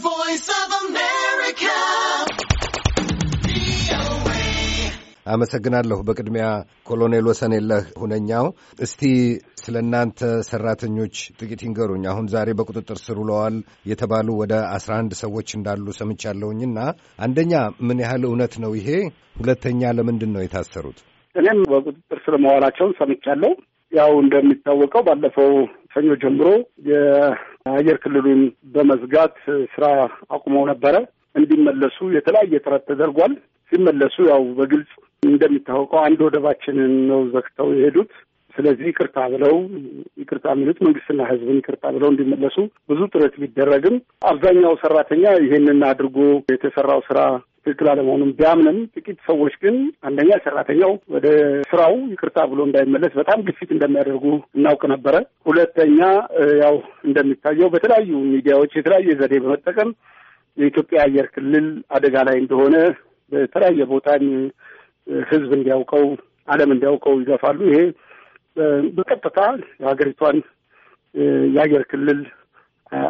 Voice of America. አመሰግናለሁ። በቅድሚያ ኮሎኔል ወሰን የለህ ሁነኛው፣ እስቲ ስለ እናንተ ሰራተኞች ጥቂት ይንገሩኝ። አሁን ዛሬ በቁጥጥር ስር ውለዋል የተባሉ ወደ አስራ አንድ ሰዎች እንዳሉ ሰምቻለሁኝና አንደኛ ምን ያህል እውነት ነው ይሄ? ሁለተኛ ለምንድን ነው የታሰሩት? እኔም በቁጥጥር ስር መዋላቸውን ሰምቻለሁ። ያው እንደሚታወቀው ባለፈው ሰኞ ጀምሮ የአየር ክልሉን በመዝጋት ስራ አቁመው ነበረ። እንዲመለሱ የተለያየ ጥረት ተደርጓል። ሲመለሱ ያው በግልጽ እንደሚታወቀው አንድ ወደባችንን ነው ዘግተው የሄዱት። ስለዚህ ይቅርታ ብለው ይቅርታ የሚሉት መንግስትና ህዝብን ይቅርታ ብለው እንዲመለሱ ብዙ ጥረት ቢደረግም አብዛኛው ሰራተኛ ይሄንን አድርጎ የተሰራው ስራ ትክክል አለመሆኑን ቢያምንም ጥቂት ሰዎች ግን አንደኛ ሰራተኛው ወደ ስራው ይቅርታ ብሎ እንዳይመለስ በጣም ግፊት እንደሚያደርጉ እናውቅ ነበረ። ሁለተኛ ያው እንደሚታየው በተለያዩ ሚዲያዎች የተለያየ ዘዴ በመጠቀም የኢትዮጵያ አየር ክልል አደጋ ላይ እንደሆነ በተለያየ ቦታ ህዝብ እንዲያውቀው፣ ዓለም እንዲያውቀው ይገፋሉ። ይሄ በቀጥታ የሀገሪቷን የአየር ክልል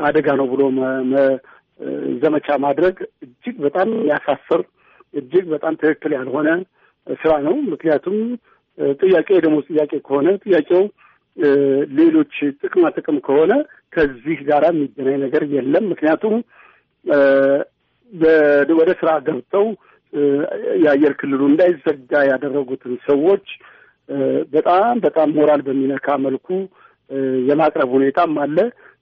አደጋ ነው ብሎ ዘመቻ ማድረግ እጅግ በጣም ያሳፍር፣ እጅግ በጣም ትክክል ያልሆነ ስራ ነው። ምክንያቱም ጥያቄ የደሞዝ ጥያቄ ከሆነ ጥያቄው ሌሎች ጥቅማ ጥቅም ከሆነ ከዚህ ጋር የሚገናኝ ነገር የለም። ምክንያቱም ወደ ስራ ገብተው የአየር ክልሉ እንዳይዘጋ ያደረጉትን ሰዎች በጣም በጣም ሞራል በሚነካ መልኩ የማቅረብ ሁኔታም አለ።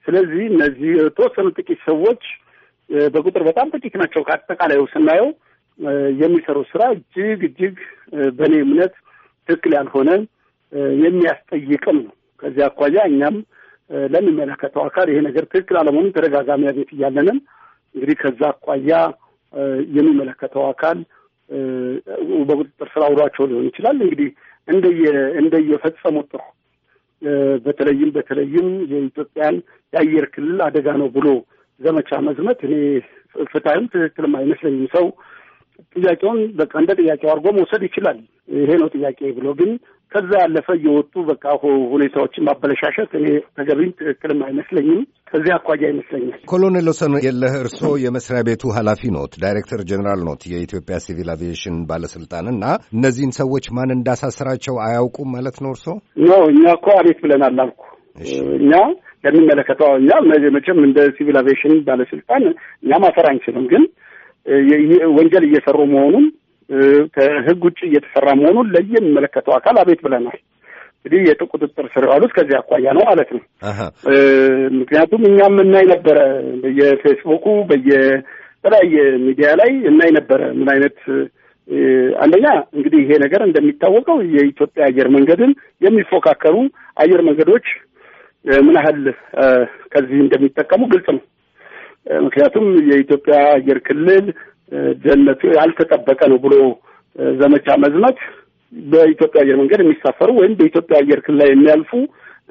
ስለዚህ እነዚህ የተወሰኑ ጥቂት ሰዎች በቁጥር በጣም ጥቂት ናቸው። ከአጠቃላዩ ስናየው የሚሰሩ ስራ እጅግ እጅግ በእኔ እምነት ትክክል ያልሆነ የሚያስጠይቅም ነው። ከዚህ አኳያ እኛም ለሚመለከተው አካል ይሄ ነገር ትክክል አለመሆኑን ተደጋጋሚ አቤት እያለንም እንግዲህ ከዛ አኳያ የሚመለከተው አካል በቁጥጥር ስራ አውሏቸው ሊሆን ይችላል። እንግዲህ እንደየ እንደየፈጸሙት ጥሩ በተለይም በተለይም የኢትዮጵያን የአየር ክልል አደጋ ነው ብሎ ዘመቻ መዝመት እኔ ፍትሀይም ትክክልም አይመስለኝም። ሰው ጥያቄውን በቃ እንደ ጥያቄው አድርጎ መውሰድ ይችላል። ይሄ ነው ጥያቄ ብሎ ግን ከዛ ያለፈ እየወጡ በቃ ሁኔታዎችን ማበለሻሸት እኔ ተገቢም ትክክልም አይመስለኝም። ከዚህ አኳያ ይመስለኛል። ኮሎኔል ወሰን የለህ እርስዎ የመስሪያ ቤቱ ኃላፊ ኖት፣ ዳይሬክተር ጀኔራል ኖት የኢትዮጵያ ሲቪል አቪዬሽን ባለስልጣን እና እነዚህን ሰዎች ማን እንዳሳስራቸው አያውቁም ማለት ነው እርስዎ? ኖ እኛ እኮ አቤት ብለናል አልኩ እኛ ለሚመለከተው እኛ መቼም እንደ ሲቪል አቪዬሽን ባለስልጣን እኛ ማሰር አንችልም። ግን ወንጀል እየሰሩ መሆኑን ከህግ ውጭ እየተሰራ መሆኑን ለየሚመለከተው አካል አቤት ብለናል። እንግዲህ ቁጥጥር ስር ያሉት ከዚህ አኳያ ነው ማለት ነው። ምክንያቱም እኛም እናይ ነበረ በየፌስቡኩ በየተለያየ ሚዲያ ላይ እናይ ነበረ ምን አይነት አንደኛ እንግዲህ ይሄ ነገር እንደሚታወቀው የኢትዮጵያ አየር መንገድን የሚፎካከሩ አየር መንገዶች ምን ያህል ከዚህ እንደሚጠቀሙ ግልጽ ነው። ምክንያቱም የኢትዮጵያ አየር ክልል ደህንነቱ ያልተጠበቀ ነው ብሎ ዘመቻ መዝመት በኢትዮጵያ አየር መንገድ የሚሳፈሩ ወይም በኢትዮጵያ አየር ክልል ላይ የሚያልፉ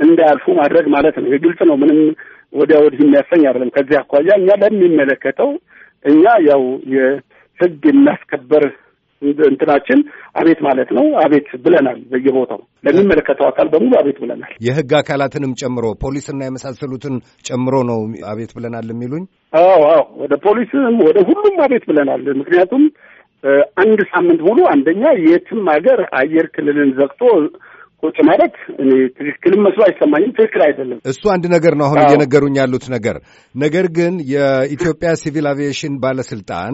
እንዳያልፉ ማድረግ ማለት ነው። ግልጽ ነው። ምንም ወዲያ ወዲህ የሚያሰኝ አይደለም። ከዚህ አኳያ እኛ ለሚመለከተው እኛ ያው የህግ የሚያስከበር እንትናችን አቤት ማለት ነው። አቤት ብለናል። በየቦታው ለሚመለከተው አካል በሙሉ አቤት ብለናል። የህግ አካላትንም ጨምሮ ፖሊስና የመሳሰሉትን ጨምሮ ነው አቤት ብለናል የሚሉኝ? አዎ አዎ፣ ወደ ፖሊስም ወደ ሁሉም አቤት ብለናል። ምክንያቱም አንድ ሳምንት ሙሉ አንደኛ የትም ሀገር አየር ክልልን ዘግቶ ቁጭ ማለት ትክክልም መስሎ አይሰማኝም። ትክክል አይደለም። እሱ አንድ ነገር ነው አሁን እየነገሩኝ ያሉት ነገር። ነገር ግን የኢትዮጵያ ሲቪል አቪዬሽን ባለስልጣን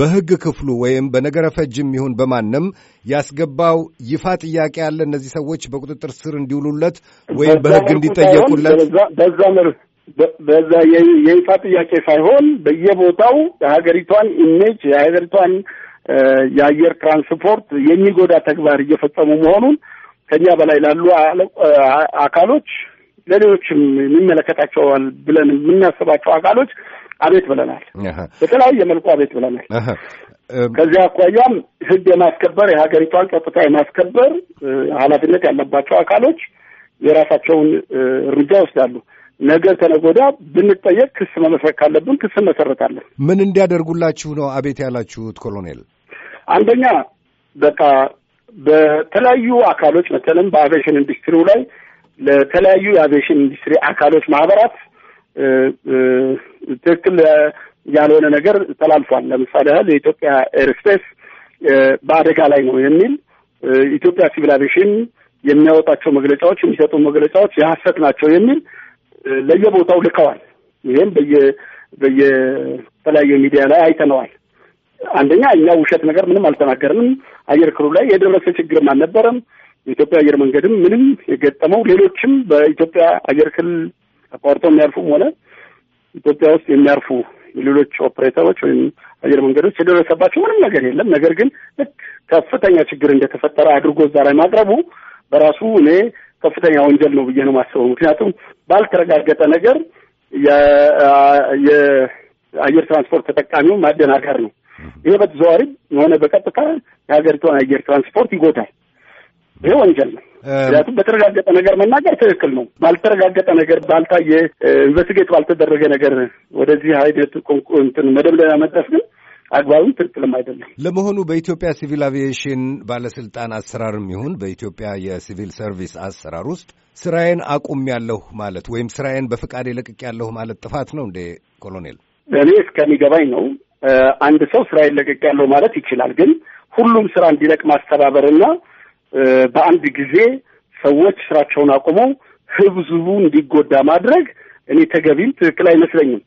በህግ ክፍሉ ወይም በነገረ ፈጅም ይሁን በማንም ያስገባው ይፋ ጥያቄ አለ። እነዚህ ሰዎች በቁጥጥር ስር እንዲውሉለት ወይም በህግ እንዲጠየቁለት በዛ በዛ የይፋ ጥያቄ ሳይሆን በየቦታው የሀገሪቷን ኢሜጅ የሀገሪቷን የአየር ትራንስፖርት የሚጎዳ ተግባር እየፈጸሙ መሆኑን ከኛ በላይ ላሉ አካሎች ለሌሎችም የሚመለከታቸዋል ብለን የምናስባቸው አካሎች አቤት ብለናል። በተለያየ መልኩ አቤት ብለናል። ከዚያ አኳያም ህግ የማስከበር የሀገሪቷን ጸጥታ የማስከበር ኃላፊነት ያለባቸው አካሎች የራሳቸውን እርምጃ ይወስዳሉ። ነገር ተነጎዳ ብንጠየቅ ክስ መመስረት ካለብን ክስ መሰረታለን። ምን እንዲያደርጉላችሁ ነው አቤት ያላችሁት ኮሎኔል? አንደኛ በቃ በተለያዩ አካሎች በተለም በአቬሽን ኢንዱስትሪው ላይ ለተለያዩ የአቬሽን ኢንዱስትሪ አካሎች ማህበራት ትክክል ያልሆነ ነገር ተላልፏል። ለምሳሌ ያህል የኢትዮጵያ ኤርስፔስ በአደጋ ላይ ነው የሚል ኢትዮጵያ ሲቪል አቬሽን የሚያወጣቸው መግለጫዎች፣ የሚሰጡ መግለጫዎች የሀሰት ናቸው የሚል ለየቦታው ልከዋል። ይህም በየ በየተለያየ ሚዲያ ላይ አይተነዋል። አንደኛ እኛ ውሸት ነገር ምንም አልተናገርንም። አየር ክልሉ ላይ የደረሰ ችግርም አልነበረም። የኢትዮጵያ አየር መንገድም ምንም የገጠመው ሌሎችም በኢትዮጵያ አየር ክልል አቋርጠው የሚያርፉም ሆነ ኢትዮጵያ ውስጥ የሚያርፉ የሌሎች ኦፕሬተሮች ወይም አየር መንገዶች የደረሰባቸው ምንም ነገር የለም። ነገር ግን ልክ ከፍተኛ ችግር እንደተፈጠረ አድርጎ እዛ ላይ ማቅረቡ በራሱ እኔ ከፍተኛ ወንጀል ነው ብዬ ነው የማስበው። ምክንያቱም ባልተረጋገጠ ነገር የአየር ትራንስፖርት ተጠቃሚው ማደናገር ነው። ይሄ በተዘዋዋሪ የሆነ በቀጥታ የሀገሪቷን አየር ትራንስፖርት ይጎዳል። ይሄ ወንጀል ነው። ምክንያቱም በተረጋገጠ ነገር መናገር ትክክል ነው። ባልተረጋገጠ ነገር፣ ባልታየ ኢንቨስቲጌት ባልተደረገ ነገር ወደዚህ አይነት እንትን መደምደሚያ መድረስ ግን አግባብም ትክክልም አይደለም። ለመሆኑ በኢትዮጵያ ሲቪል አቪዬሽን ባለስልጣን አሰራርም ይሁን በኢትዮጵያ የሲቪል ሰርቪስ አሰራር ውስጥ ስራዬን ያለሁ ማለት ወይም ስራዬን በፍቃድ ያለሁ ማለት ጥፋት ነው እንዴ ኮሎኔል? እኔ እስከሚገባኝ ነው አንድ ሰው ስራ ይለቀቅ ያለው ማለት ይችላል። ግን ሁሉም ስራ እንዲለቅ ማስተባበርና በአንድ ጊዜ ሰዎች ስራቸውን አቁመው ህዝቡ እንዲጎዳ ማድረግ እኔ ተገቢም ትክክል አይመስለኝም።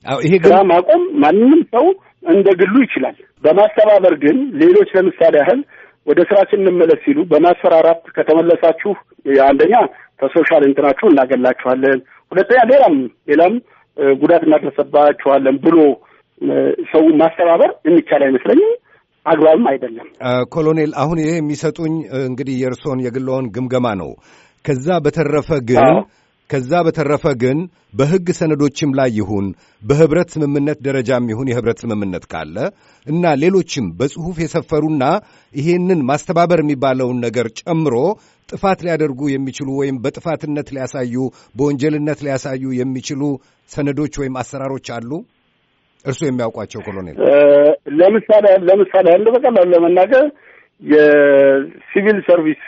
ስራ ማቆም ማንም ሰው እንደ ግሉ ይችላል። በማስተባበር ግን ሌሎች ለምሳሌ ያህል ወደ ስራችን እንመለስ ሲሉ በማስፈራራት ከተመለሳችሁ አንደኛ ከሶሻል እንትናችሁ እናገላችኋለን፣ ሁለተኛ ሌላም ሌላም ጉዳት እናደርሰባችኋለን ብሎ ሰው ማስተባበር የሚቻል አይመስለኝም፣ አግባብም አይደለም። ኮሎኔል፣ አሁን ይሄ የሚሰጡኝ እንግዲህ የእርሶን የግለውን ግምገማ ነው። ከዛ በተረፈ ግን ከዛ በተረፈ ግን በሕግ ሰነዶችም ላይ ይሁን በህብረት ስምምነት ደረጃም ይሁን የህብረት ስምምነት ካለ እና ሌሎችም በጽሑፍ የሰፈሩና ይሄንን ማስተባበር የሚባለውን ነገር ጨምሮ ጥፋት ሊያደርጉ የሚችሉ ወይም በጥፋትነት ሊያሳዩ፣ በወንጀልነት ሊያሳዩ የሚችሉ ሰነዶች ወይም አሰራሮች አሉ። እርሱ የሚያውቋቸው ኮሎኔል? ለምሳሌ ለምሳሌ አንድ በቀላሉ ለመናገር የሲቪል ሰርቪስ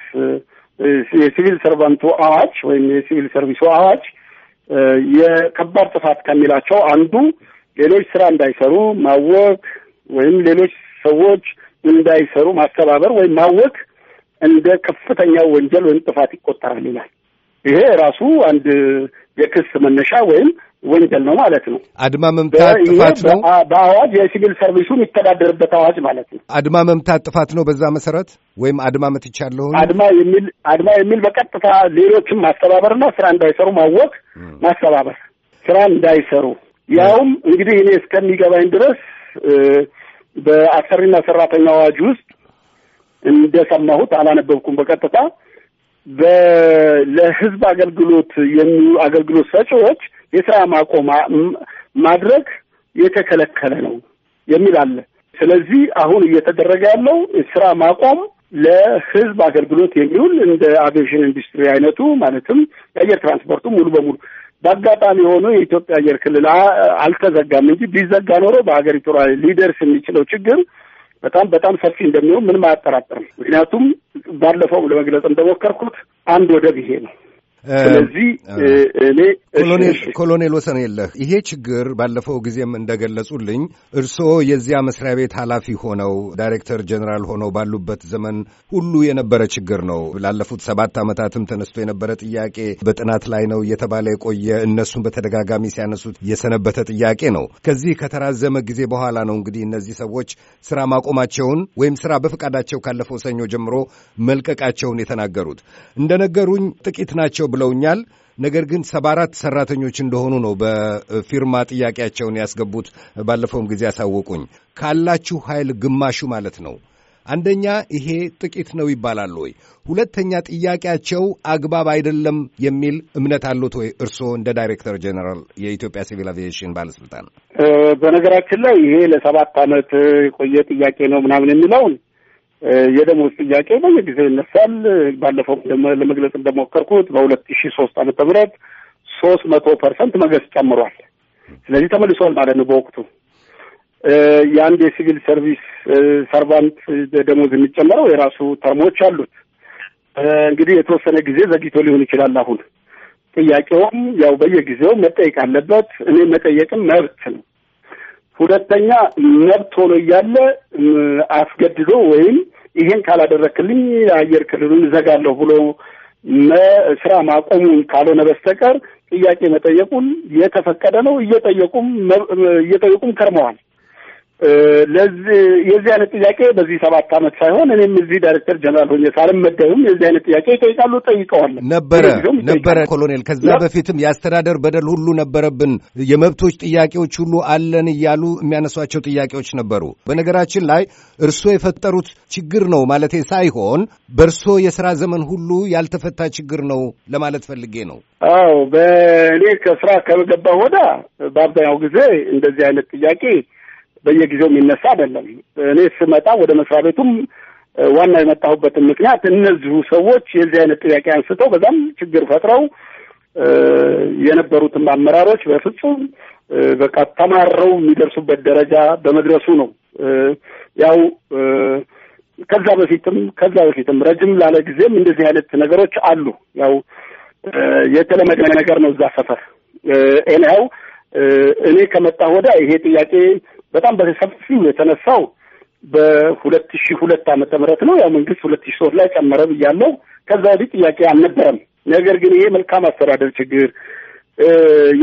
የሲቪል ሰርቫንቱ አዋጅ ወይም የሲቪል ሰርቪሱ አዋጅ የከባድ ጥፋት ከሚላቸው አንዱ ሌሎች ስራ እንዳይሰሩ ማወክ ወይም ሌሎች ሰዎች እንዳይሰሩ ማስተባበር ወይም ማወቅ እንደ ከፍተኛ ወንጀል ወይም ጥፋት ይቆጠራል ይላል። ይሄ ራሱ አንድ የክስ መነሻ ወይም ወንጀል ነው ማለት ነው። አድማ መምታት ጥፋት ነው። በአዋጅ የሲቪል ሰርቪሱ የሚተዳደርበት አዋጅ ማለት ነው። አድማ መምታት ጥፋት ነው። በዛ መሰረት ወይም አድማ መትቻለሁ አድማ የሚል አድማ የሚል በቀጥታ ሌሎችም ማስተባበርና ስራ እንዳይሰሩ ማወቅ፣ ማስተባበር፣ ስራ እንዳይሰሩ ያውም እንግዲህ እኔ እስከሚገባኝ ድረስ በአሰሪና ሰራተኛ አዋጅ ውስጥ እንደሰማሁት አላነበብኩም በቀጥታ ለህዝብ አገልግሎት አገልግሎት ሰጪዎች የስራ ማቆም ማድረግ የተከለከለ ነው የሚል አለ። ስለዚህ አሁን እየተደረገ ያለው ስራ ማቆም ለህዝብ አገልግሎት የሚውል እንደ አቪዬሽን ኢንዱስትሪ አይነቱ ማለትም የአየር ትራንስፖርቱ ሙሉ በሙሉ በአጋጣሚ የሆኑ የኢትዮጵያ አየር ክልል አልተዘጋም እንጂ ቢዘጋ ኖሮ በሀገሪቱ ላይ ሊደርስ የሚችለው ችግር በጣም በጣም ሰፊ እንደሚሆን ምንም አያጠራጥርም። ምክንያቱም ባለፈው ለመግለጽ እንደሞከርኩት አንድ ወደብ ይሄ ነው። ስለዚህ እኔ ኮሎኔል ወሰን የለህ ይሄ ችግር ባለፈው ጊዜም እንደገለጹልኝ እርስዎ የዚያ መስሪያ ቤት ኃላፊ ሆነው ዳይሬክተር ጀኔራል ሆነው ባሉበት ዘመን ሁሉ የነበረ ችግር ነው። ላለፉት ሰባት ዓመታትም ተነስቶ የነበረ ጥያቄ በጥናት ላይ ነው እየተባለ የቆየ እነሱን በተደጋጋሚ ሲያነሱት የሰነበተ ጥያቄ ነው። ከዚህ ከተራዘመ ጊዜ በኋላ ነው እንግዲህ እነዚህ ሰዎች ስራ ማቆማቸውን ወይም ስራ በፈቃዳቸው ካለፈው ሰኞ ጀምሮ መልቀቃቸውን የተናገሩት እንደነገሩኝ ጥቂት ናቸው ብለውኛል። ነገር ግን ሰባ አራት ሰራተኞች እንደሆኑ ነው በፊርማ ጥያቄያቸውን ያስገቡት። ባለፈውም ጊዜ ያሳወቁኝ ካላችሁ ኃይል ግማሹ ማለት ነው። አንደኛ ይሄ ጥቂት ነው ይባላል ወይ? ሁለተኛ ጥያቄያቸው አግባብ አይደለም የሚል እምነት አሉት ወይ? እርስዎ እንደ ዳይሬክተር ጀኔራል የኢትዮጵያ ሲቪል አቪዬሽን ባለስልጣን። በነገራችን ላይ ይሄ ለሰባት ዓመት የቆየ ጥያቄ ነው ምናምን የሚለውን የደሞዝ ጥያቄ በየጊዜው ይነሳል። ባለፈው ለመግለጽ እንደሞከርኩት በሁለት ሺ ሶስት አመተ ምህረት ሶስት መቶ ፐርሰንት መገዝ ጨምሯል። ስለዚህ ተመልሷል ማለት ነው። በወቅቱ የአንድ የሲቪል ሰርቪስ ሰርቫንት ደሞዝ የሚጨመረው የራሱ ተርሞች አሉት። እንግዲህ የተወሰነ ጊዜ ዘግይቶ ሊሆን ይችላል። አሁን ጥያቄውም ያው በየጊዜው መጠየቅ አለበት። እኔ መጠየቅም መብት ነው። ሁለተኛ መብት ሆኖ እያለ አስገድዶ ወይም ይሄን ካላደረክልኝ የአየር ክልሉን እዘጋለሁ ብሎ ስራ ማቆሙን ካልሆነ በስተቀር ጥያቄ መጠየቁን የተፈቀደ ነው። እየጠየቁም እየጠየቁም ከርመዋል። ለዚህ የዚህ አይነት ጥያቄ በዚህ ሰባት ዓመት ሳይሆን እኔም እዚህ ዳይሬክተር ጀነራል ሆኜ ሳልመደብም የዚህ አይነት ጥያቄ ይጠይቃሉ፣ ጠይቀዋል ነበረ ነበረ ኮሎኔል። ከዛ በፊትም የአስተዳደር በደል ሁሉ ነበረብን፣ የመብቶች ጥያቄዎች ሁሉ አለን እያሉ የሚያነሷቸው ጥያቄዎች ነበሩ። በነገራችን ላይ እርስዎ የፈጠሩት ችግር ነው ማለቴ ሳይሆን በእርስዎ የስራ ዘመን ሁሉ ያልተፈታ ችግር ነው ለማለት ፈልጌ ነው። አዎ በእኔ ከስራ ከገባ ወዳ በአብዛኛው ጊዜ እንደዚህ አይነት ጥያቄ በየጊዜው የሚነሳ አይደለም። እኔ ስመጣ ወደ መስሪያ ቤቱም ዋና የመጣሁበትን ምክንያት እነዚሁ ሰዎች የዚህ አይነት ጥያቄ አንስተው በዛም ችግር ፈጥረው የነበሩትም አመራሮች በፍጹም በቃ ተማረው የሚደርሱበት ደረጃ በመድረሱ ነው። ያው ከዛ በፊትም ከዛ በፊትም ረጅም ላለ ጊዜም እንደዚህ አይነት ነገሮች አሉ። ያው የተለመደ ነገር ነው እዛ ሰፈር። ያው እኔ ከመጣሁ ወዲያ ይሄ ጥያቄ በጣም በሰፊው የተነሳው በሁለት ሺ ሁለት ዓመተ ምህረት ነው። ያው መንግስት ሁለት ሺ ሶስት ላይ ጨመረ ብያለው። ከዛ በፊት ጥያቄ አልነበረም። ነገር ግን ይሄ መልካም አስተዳደር ችግር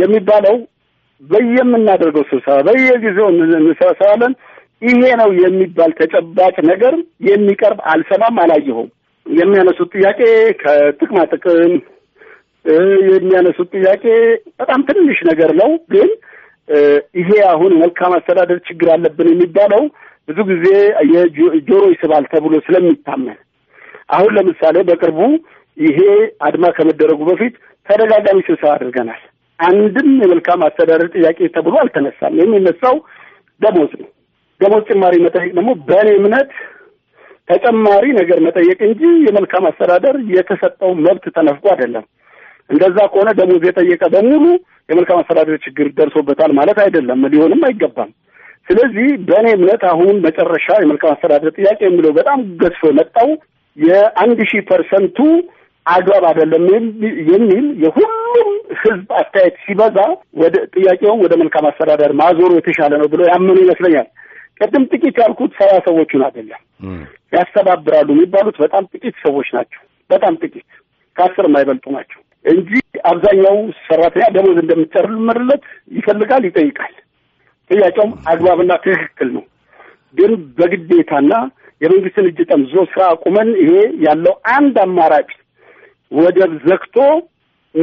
የሚባለው በየምናደርገው ስብሰባ በየጊዜው እንሰበሰባለን። ይሄ ነው የሚባል ተጨባጭ ነገር የሚቀርብ አልሰማም፣ አላየሁም። የሚያነሱት ጥያቄ ከጥቅማ ጥቅም የሚያነሱት ጥያቄ በጣም ትንሽ ነገር ነው ግን ይሄ አሁን መልካም አስተዳደር ችግር አለብን የሚባለው ብዙ ጊዜ የጆሮ ይስባል ተብሎ ስለሚታመን አሁን ለምሳሌ በቅርቡ ይሄ አድማ ከመደረጉ በፊት ተደጋጋሚ ስብሰባ አድርገናል። አንድም የመልካም አስተዳደር ጥያቄ ተብሎ አልተነሳም። የሚነሳው ደሞዝ ነው። ደሞዝ ጭማሪ መጠየቅ ደግሞ በእኔ እምነት ተጨማሪ ነገር መጠየቅ እንጂ የመልካም አስተዳደር የተሰጠው መብት ተነፍቆ አይደለም። እንደዛ ከሆነ ደሞዝ የጠየቀ በሙሉ የመልካም አስተዳደር ችግር ደርሶበታል ማለት አይደለም፣ ሊሆንም አይገባም። ስለዚህ በእኔ እምነት አሁን መጨረሻ የመልካም አስተዳደር ጥያቄ የሚለው በጣም ገዝፎ የመጣው የአንድ ሺህ ፐርሰንቱ አግባብ አይደለም የሚል የሁሉም ህዝብ አስተያየት ሲበዛ ወደ ጥያቄውን ወደ መልካም አስተዳደር ማዞሩ የተሻለ ነው ብሎ ያመኑ ይመስለኛል። ቅድም ጥቂት ያልኩት ሰባ ሰዎቹን አይደለም ያስተባብራሉ የሚባሉት በጣም ጥቂት ሰዎች ናቸው። በጣም ጥቂት ከአስር የማይበልጡ ናቸው። እንጂ አብዛኛው ሰራተኛ ደሞዝ እንደሚጨመርለት ይፈልጋል፣ ይጠይቃል። ጥያቄውም አግባብና ትክክል ነው። ግን በግዴታና የመንግስትን እጅ ጠምዞ ስራ አቁመን ይሄ ያለው አንድ አማራጭ ወደብ ዘግቶ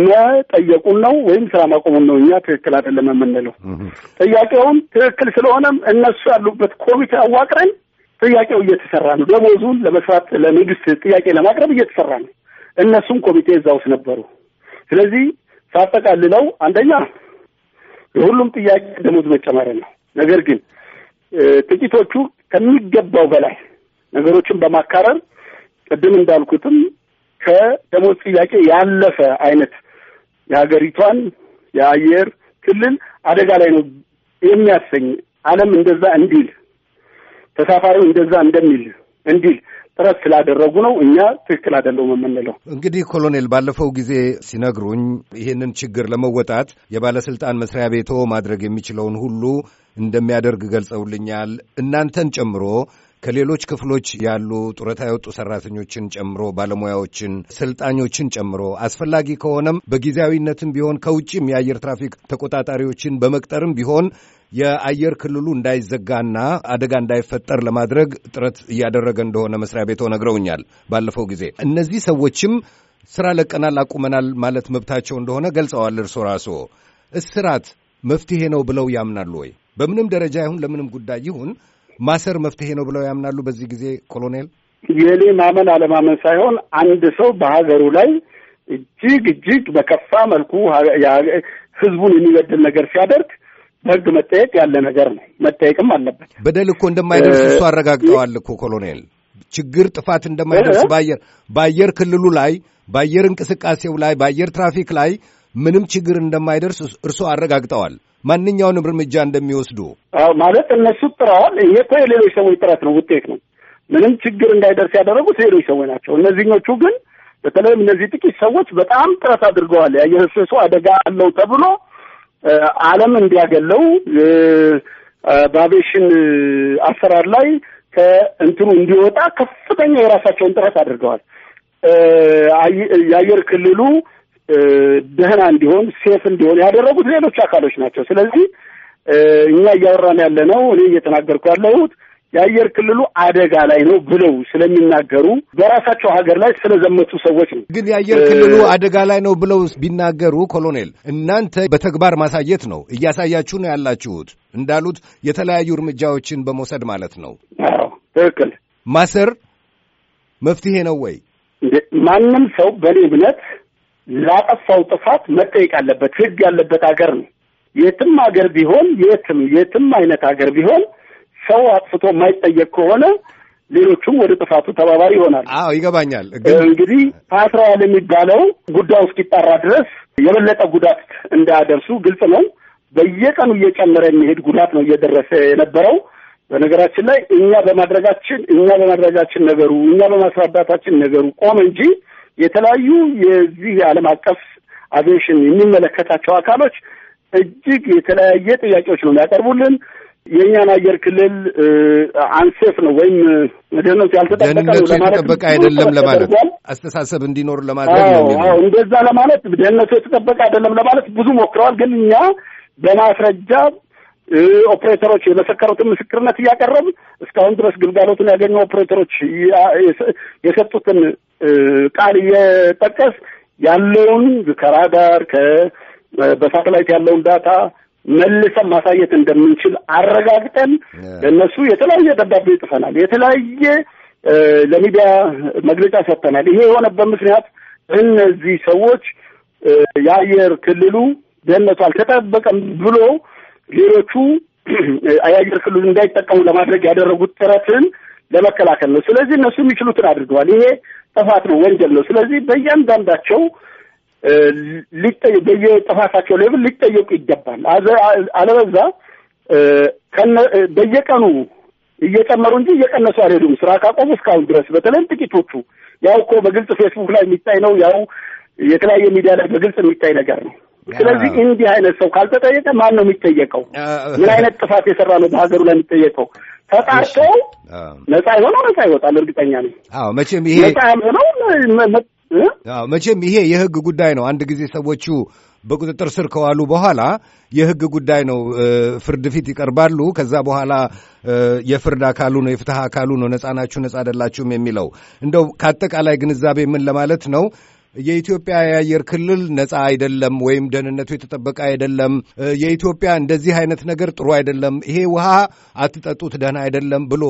መጠየቁን ነው ወይም ስራ ማቆሙን ነው። እኛ ትክክል አይደለም የምንለው ጥያቄውም ትክክል ስለሆነም እነሱ ያሉበት ኮሚቴ አዋቅረን ጥያቄው እየተሰራ ነው። ደሞዙን ለመስራት ለመንግስት ጥያቄ ለማቅረብ እየተሰራ ነው። እነሱም ኮሚቴ እዛ ውስጥ ነበሩ። ስለዚህ ሳጠቃልለው አንደኛ የሁሉም ጥያቄ ደሞዝ መጨመር ነው። ነገር ግን ጥቂቶቹ ከሚገባው በላይ ነገሮችን በማካረር ቅድም እንዳልኩትም ከደሞዝ ጥያቄ ያለፈ አይነት የሀገሪቷን የአየር ክልል አደጋ ላይ ነው የሚያሰኝ ዓለም እንደዛ እንዲል ተሳፋሪው እንደዛ እንደሚል እንዲል ጥረት ስላደረጉ ነው እኛ ትክክል አይደለውም የምንለው። እንግዲህ ኮሎኔል ባለፈው ጊዜ ሲነግሩኝ ይህንን ችግር ለመወጣት የባለስልጣን መስሪያ ቤቶ ማድረግ የሚችለውን ሁሉ እንደሚያደርግ ገልጸውልኛል። እናንተን ጨምሮ ከሌሎች ክፍሎች ያሉ ጡረታ የወጡ ሰራተኞችን ጨምሮ ባለሙያዎችን፣ ሰልጣኞችን ጨምሮ አስፈላጊ ከሆነም በጊዜያዊነትም ቢሆን ከውጭም የአየር ትራፊክ ተቆጣጣሪዎችን በመቅጠርም ቢሆን የአየር ክልሉ እንዳይዘጋና አደጋ እንዳይፈጠር ለማድረግ ጥረት እያደረገ እንደሆነ መስሪያ ቤቶ ነግረውኛል። ባለፈው ጊዜ እነዚህ ሰዎችም ስራ ለቀናል፣ አቁመናል ማለት መብታቸው እንደሆነ ገልጸዋል። እርሶ ራስዎ እስራት መፍትሄ ነው ብለው ያምናሉ ወይ? በምንም ደረጃ ይሁን ለምንም ጉዳይ ይሁን ማሰር መፍትሄ ነው ብለው ያምናሉ? በዚህ ጊዜ ኮሎኔል፣ የኔ ማመን አለማመን ሳይሆን አንድ ሰው በሀገሩ ላይ እጅግ እጅግ በከፋ መልኩ ህዝቡን የሚበድል ነገር ሲያደርግ በህግ መጠየቅ ያለ ነገር ነው፣ መጠየቅም አለበት። በደል እኮ እንደማይደርስ እሱ አረጋግጠዋል እኮ ኮሎኔል ችግር ጥፋት እንደማይደርስ በአየር በአየር ክልሉ ላይ በአየር እንቅስቃሴው ላይ በአየር ትራፊክ ላይ ምንም ችግር እንደማይደርስ እርሶ አረጋግጠዋል። ማንኛውንም እርምጃ እንደሚወስዱ ማለት እነሱ ጥረዋል። ይሄ እኮ የሌሎች ሰዎች ጥረት ነው፣ ውጤት ነው። ምንም ችግር እንዳይደርስ ያደረጉት ሌሎች ሰዎች ናቸው። እነዚህኞቹ ግን በተለይም እነዚህ ጥቂት ሰዎች በጣም ጥረት አድርገዋል። የአየር አደጋ አለው ተብሎ ዓለም እንዲያገለው በአቬሽን አሰራር ላይ ከእንትኑ እንዲወጣ ከፍተኛ የራሳቸውን ጥረት አድርገዋል። የአየር ክልሉ ደህና እንዲሆን ሴፍ እንዲሆን ያደረጉት ሌሎች አካሎች ናቸው። ስለዚህ እኛ እያወራን ያለ ነው እኔ እየተናገርኩ ያለሁት የአየር ክልሉ አደጋ ላይ ነው ብለው ስለሚናገሩ በራሳቸው ሀገር ላይ ስለዘመቱ ሰዎች ነው። ግን የአየር ክልሉ አደጋ ላይ ነው ብለው ቢናገሩ ኮሎኔል፣ እናንተ በተግባር ማሳየት ነው እያሳያችሁ ነው ያላችሁት። እንዳሉት የተለያዩ እርምጃዎችን በመውሰድ ማለት ነው። ትክክል። ማሰር መፍትሄ ነው ወይ? ማንም ሰው በእኔ እምነት ላጠፋው ጥፋት መጠየቅ ያለበት ህግ ያለበት ሀገር ነው። የትም ሀገር ቢሆን የትም የትም አይነት ሀገር ቢሆን ሰው አጥፍቶ የማይጠየቅ ከሆነ ሌሎቹም ወደ ጥፋቱ ተባባሪ ይሆናል። አዎ ይገባኛል። እንግዲህ ታስረዋል የሚባለው ጉዳዩ እስኪጣራ ድረስ የበለጠ ጉዳት እንዳያደርሱ ግልጽ ነው። በየቀኑ እየጨመረ የሚሄድ ጉዳት ነው እየደረሰ የነበረው። በነገራችን ላይ እኛ በማድረጋችን እኛ በማድረጋችን ነገሩ እኛ በማስረዳታችን ነገሩ ቆመ እንጂ የተለያዩ የዚህ የዓለም አቀፍ አቪዬሽን የሚመለከታቸው አካሎች እጅግ የተለያየ ጥያቄዎች ነው የሚያቀርቡልን። የእኛን አየር ክልል አንሴፍ ነው ወይም ደህንነቱ ያልተጠበቀ የተጠበቀ አይደለም ለማለት አስተሳሰብ እንዲኖር ለማድረግ ነው። እንደዛ ለማለት ደህንነቱ የተጠበቀ አይደለም ለማለት ብዙ ሞክረዋል። ግን እኛ በማስረጃ ኦፕሬተሮች የመሰከሩትን ምስክርነት እያቀረብ እስካሁን ድረስ ግልጋሎቱን ያገኙ ኦፕሬተሮች የሰጡትን ቃል እየጠቀስ ያለውን ከራዳር በሳተላይት ያለውን ዳታ መልሰን ማሳየት እንደምንችል አረጋግጠን ለእነሱ የተለያየ ደብዳቤ ጽፈናል። የተለያየ ለሚዲያ መግለጫ ሰጥተናል። ይሄ የሆነበት ምክንያት እነዚህ ሰዎች የአየር ክልሉ ደህንነቱ አልተጠበቀም ብሎ ሌሎቹ የአየር ክልሉ እንዳይጠቀሙ ለማድረግ ያደረጉት ጥረትን ለመከላከል ነው። ስለዚህ እነሱ የሚችሉትን አድርገዋል። ይሄ ጥፋት ነው፣ ወንጀል ነው። ስለዚህ በእያንዳንዳቸው ሊጠየቅ በየጥፋታቸው ሌብል ሊጠየቁ ይገባል። አለበዛ በየቀኑ እየጨመሩ እንጂ እየቀነሱ አልሄዱም። ስራ ካቆሙ እስካሁን ድረስ በተለይም ጥቂቶቹ ያው እኮ በግልጽ ፌስቡክ ላይ የሚታይ ነው። ያው የተለያየ ሚዲያ ላይ በግልጽ የሚታይ ነገር ነው። ስለዚህ እንዲህ አይነት ሰው ካልተጠየቀ ማን ነው የሚጠየቀው? ምን አይነት ጥፋት የሰራ ነው በሀገሩ ላይ የሚጠየቀው? ተጣርቶ ነጻ የሆነው ነጻ ይወጣል፣ እርግጠኛ ነኝ። አዎ መቼም ይሄ ነጻ ያልሆነው መቼም ይሄ የህግ ጉዳይ ነው። አንድ ጊዜ ሰዎቹ በቁጥጥር ስር ከዋሉ በኋላ የህግ ጉዳይ ነው። ፍርድ ፊት ይቀርባሉ። ከዛ በኋላ የፍርድ አካሉ ነው የፍትህ አካሉ ነው ነጻ ናችሁ ነጻ አይደላችሁም የሚለው። እንደው ከአጠቃላይ ግንዛቤ ምን ለማለት ነው የኢትዮጵያ የአየር ክልል ነፃ አይደለም ወይም ደህንነቱ የተጠበቀ አይደለም፣ የኢትዮጵያ እንደዚህ አይነት ነገር ጥሩ አይደለም፣ ይሄ ውሃ አትጠጡት ደህና አይደለም ብሎ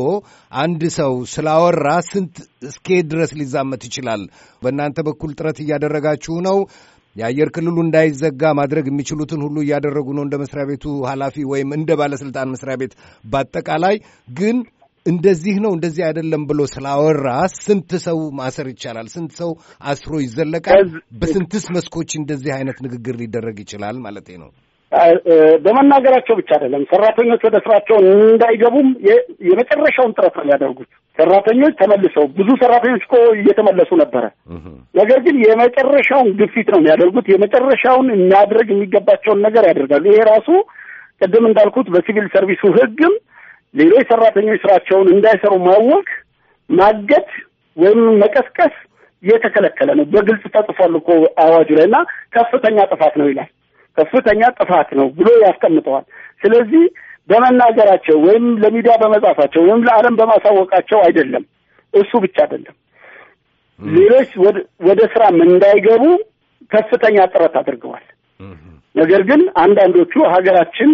አንድ ሰው ስላወራ ስንት እስኬ ድረስ ሊዛመት ይችላል? በእናንተ በኩል ጥረት እያደረጋችሁ ነው? የአየር ክልሉ እንዳይዘጋ ማድረግ የሚችሉትን ሁሉ እያደረጉ ነው እንደ መስሪያ ቤቱ ኃላፊ ወይም እንደ ባለስልጣን መስሪያ ቤት በአጠቃላይ ግን እንደዚህ ነው እንደዚህ አይደለም ብሎ ስላወራ ስንት ሰው ማሰር ይቻላል? ስንት ሰው አስሮ ይዘለቃል? በስንትስ መስኮች እንደዚህ አይነት ንግግር ሊደረግ ይችላል ማለት ነው። በመናገራቸው ብቻ አይደለም ሰራተኞች ወደ ስራቸው እንዳይገቡም የመጨረሻውን ጥረት ነው የሚያደርጉት። ሰራተኞች ተመልሰው ብዙ ሰራተኞች እኮ እየተመለሱ ነበረ። ነገር ግን የመጨረሻውን ግፊት ነው የሚያደርጉት። የመጨረሻውን የሚያድረግ የሚገባቸውን ነገር ያደርጋሉ። ይሄ ራሱ ቅድም እንዳልኩት በሲቪል ሰርቪሱ ህግም? ሌሎች ሰራተኞች ስራቸውን እንዳይሰሩ ማወቅ፣ ማገድ ወይም መቀስቀስ የተከለከለ ነው። በግልጽ ተጽፏል እኮ አዋጁ ላይ እና ከፍተኛ ጥፋት ነው ይላል። ከፍተኛ ጥፋት ነው ብሎ ያስቀምጠዋል። ስለዚህ በመናገራቸው ወይም ለሚዲያ በመጻፋቸው ወይም ለዓለም በማሳወቃቸው አይደለም። እሱ ብቻ አይደለም። ሌሎች ወደ ስራም እንዳይገቡ ከፍተኛ ጥረት አድርገዋል። ነገር ግን አንዳንዶቹ ሀገራችን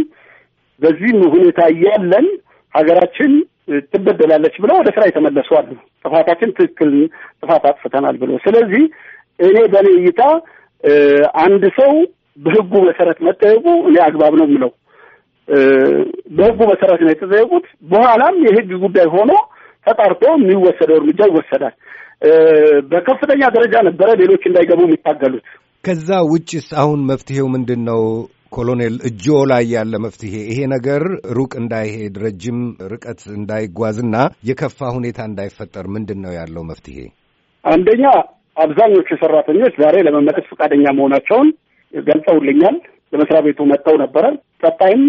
በዚህ ሁኔታ እያለን ሀገራችን ትበደላለች ብለው ወደ ስራ የተመለሱ አሉ። ጥፋታችን ትክክል ጥፋት አጥፍተናል ብሎ ስለዚህ እኔ በእኔ እይታ አንድ ሰው በህጉ መሰረት መጠየቁ እኔ አግባብ ነው የምለው። በህጉ መሰረት ነው የተጠየቁት። በኋላም የህግ ጉዳይ ሆኖ ተጣርቶ የሚወሰደው እርምጃ ይወሰዳል። በከፍተኛ ደረጃ ነበረ ሌሎች እንዳይገቡ የሚታገሉት። ከዛ ውጭስ አሁን መፍትሄው ምንድን ነው? ኮሎኔል እጆ ላይ ያለ መፍትሄ ይሄ ነገር ሩቅ እንዳይሄድ ረጅም ርቀት እንዳይጓዝና የከፋ ሁኔታ እንዳይፈጠር ምንድን ነው ያለው መፍትሄ? አንደኛ አብዛኞቹ ሰራተኞች ዛሬ ለመመለስ ፈቃደኛ መሆናቸውን ገልጸውልኛል። ለመስሪያ ቤቱ መጥተው ነበረ። ቀጣይም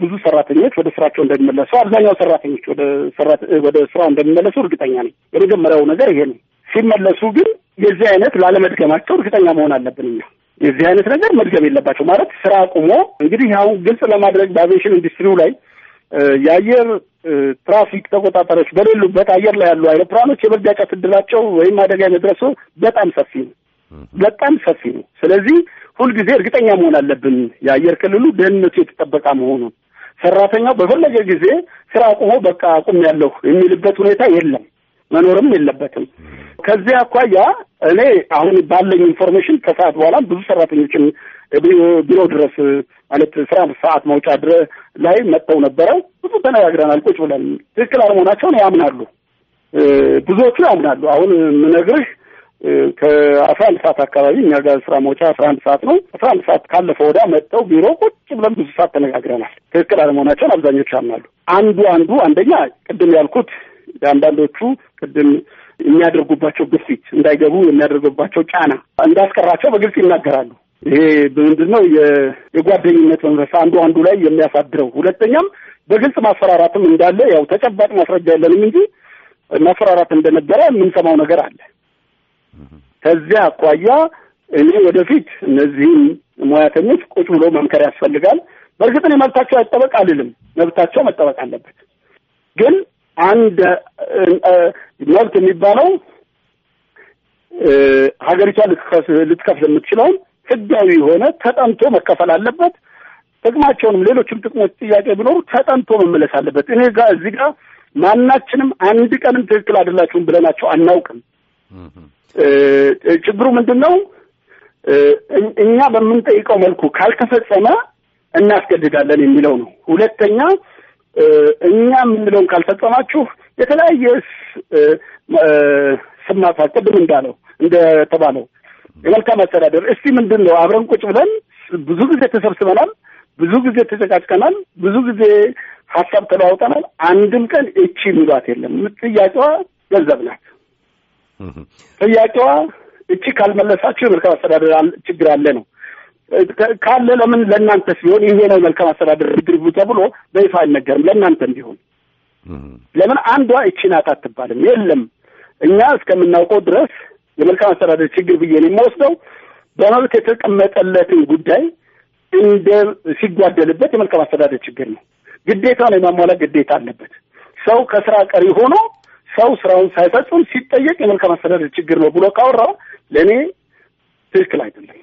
ብዙ ሰራተኞች ወደ ስራቸው እንደሚመለሱ፣ አብዛኛው ሰራተኞች ወደ ስራው እንደሚመለሱ እርግጠኛ ነኝ። የመጀመሪያው ነገር ይሄ ነው። ሲመለሱ ግን የዚህ አይነት ላለመድገማቸው እርግጠኛ መሆን አለብን እኛ የዚህ አይነት ነገር መድገም የለባቸው ማለት ስራ አቁሞ እንግዲህ ያው ግልጽ ለማድረግ በአቪዬሽን ኢንዱስትሪው ላይ የአየር ትራፊክ ተቆጣጣሪዎች በሌሉበት አየር ላይ ያሉ አይሮፕላኖች የመጋጨት እድላቸው ወይም አደጋ የመድረሱ በጣም ሰፊ ነው፣ በጣም ሰፊ ነው። ስለዚህ ሁልጊዜ እርግጠኛ መሆን አለብን የአየር ክልሉ ደህንነቱ የተጠበቀ መሆኑን። ሰራተኛው በፈለገ ጊዜ ስራ አቁሞ በቃ አቁም ያለሁ የሚልበት ሁኔታ የለም። መኖርም የለበትም። ከዚህ አኳያ እኔ አሁን ባለኝ ኢንፎርሜሽን ከሰዓት በኋላ ብዙ ሰራተኞችን ቢሮ ድረስ ማለት ስራ ሰዓት መውጫ ድረ ላይ መጥተው ነበረ። ብዙ ተነጋግረናል ቁጭ ብለን። ትክክል አለመሆናቸውን ያምናሉ፣ ብዙዎቹ ያምናሉ። አሁን ምነግርህ ከአስራ አንድ ሰዓት አካባቢ እኛ ጋር ስራ መውጫ አስራ አንድ ሰዓት ነው። አስራ አንድ ሰዓት ካለፈ ወዳ መጥተው ቢሮ ቁጭ ብለን ብዙ ሰዓት ተነጋግረናል። ትክክል አለመሆናቸውን አብዛኞቹ ያምናሉ። አንዱ አንዱ አንደኛ ቅድም ያልኩት አንዳንዶቹ ቅድም የሚያደርጉባቸው ግፊት እንዳይገቡ የሚያደርጉባቸው ጫና እንዳስቀራቸው በግልጽ ይናገራሉ። ይሄ ምንድን ነው? የጓደኝነት መንፈስ አንዱ አንዱ ላይ የሚያሳድረው ሁለተኛም በግልጽ ማስፈራራትም እንዳለ ያው ተጨባጭ ማስረጃ የለንም እንጂ ማስፈራራት እንደነበረ የምንሰማው ነገር አለ። ከዚያ አኳያ እኔ ወደፊት እነዚህም ሙያተኞች ቁጭ ብሎ መምከር ያስፈልጋል። በእርግጥ እኔ መብታቸው አይጠበቅ አልልም፣ መብታቸው መጠበቅ አለበት። ግን አንድ መብት የሚባለው ሀገሪቷ ልትከፍል የምትችለውን ህጋዊ የሆነ ተጠንቶ መከፈል አለበት። ጥቅማቸውንም ሌሎችም ጥቅሞች ጥያቄ ቢኖሩ ተጠንቶ መመለስ አለበት። እኔ ጋር እዚህ ጋር ማናችንም አንድ ቀንም ትክክል አይደላችሁም ብለናቸው አናውቅም። ችግሩ ምንድን ነው? እኛ በምንጠይቀው መልኩ ካልተፈጸመ እናስገድዳለን የሚለው ነው። ሁለተኛ እኛ የምንለውን ካልፈጸማችሁ የተለያየ ስም ማጥፋት ቅድም እንዳለው እንደተባለው የመልካም አስተዳደር እስቲ ምንድን ነው አብረን ቁጭ ብለን ብዙ ጊዜ ተሰብስበናል፣ ብዙ ጊዜ ተጨቃጭቀናል፣ ብዙ ጊዜ ሀሳብ ተለዋውጠናል። አንድም ቀን እቺ የሚሏት የለም። ጥያቄዋ ገንዘብ ናት። ጥያቄዋ እቺ ካልመለሳችሁ የመልካም አስተዳደር ችግር አለ ነው። ካለ ለምን ለእናንተ ሲሆን ይሄ ነው መልካም አስተዳደር ድርቡ ተብሎ በይፋ አይነገርም? ለእናንተ እንዲሆን ለምን አንዷ እቺ ናት አትባልም? የለም እኛ እስከምናውቀው ድረስ የመልካም አስተዳደር ችግር ብዬ የሚወስደው በመብት የተቀመጠለትን ጉዳይ እንደ ሲጓደልበት የመልካም አስተዳደር ችግር ነው። ነው የማሟላት ግዴታ አለበት። ሰው ከስራ ቀሪ ሆኖ ሰው ስራውን ሳይፈጽም ሲጠየቅ የመልካም አስተዳደር ችግር ነው ብሎ ካወራ ለእኔ ትክክል አይደለም።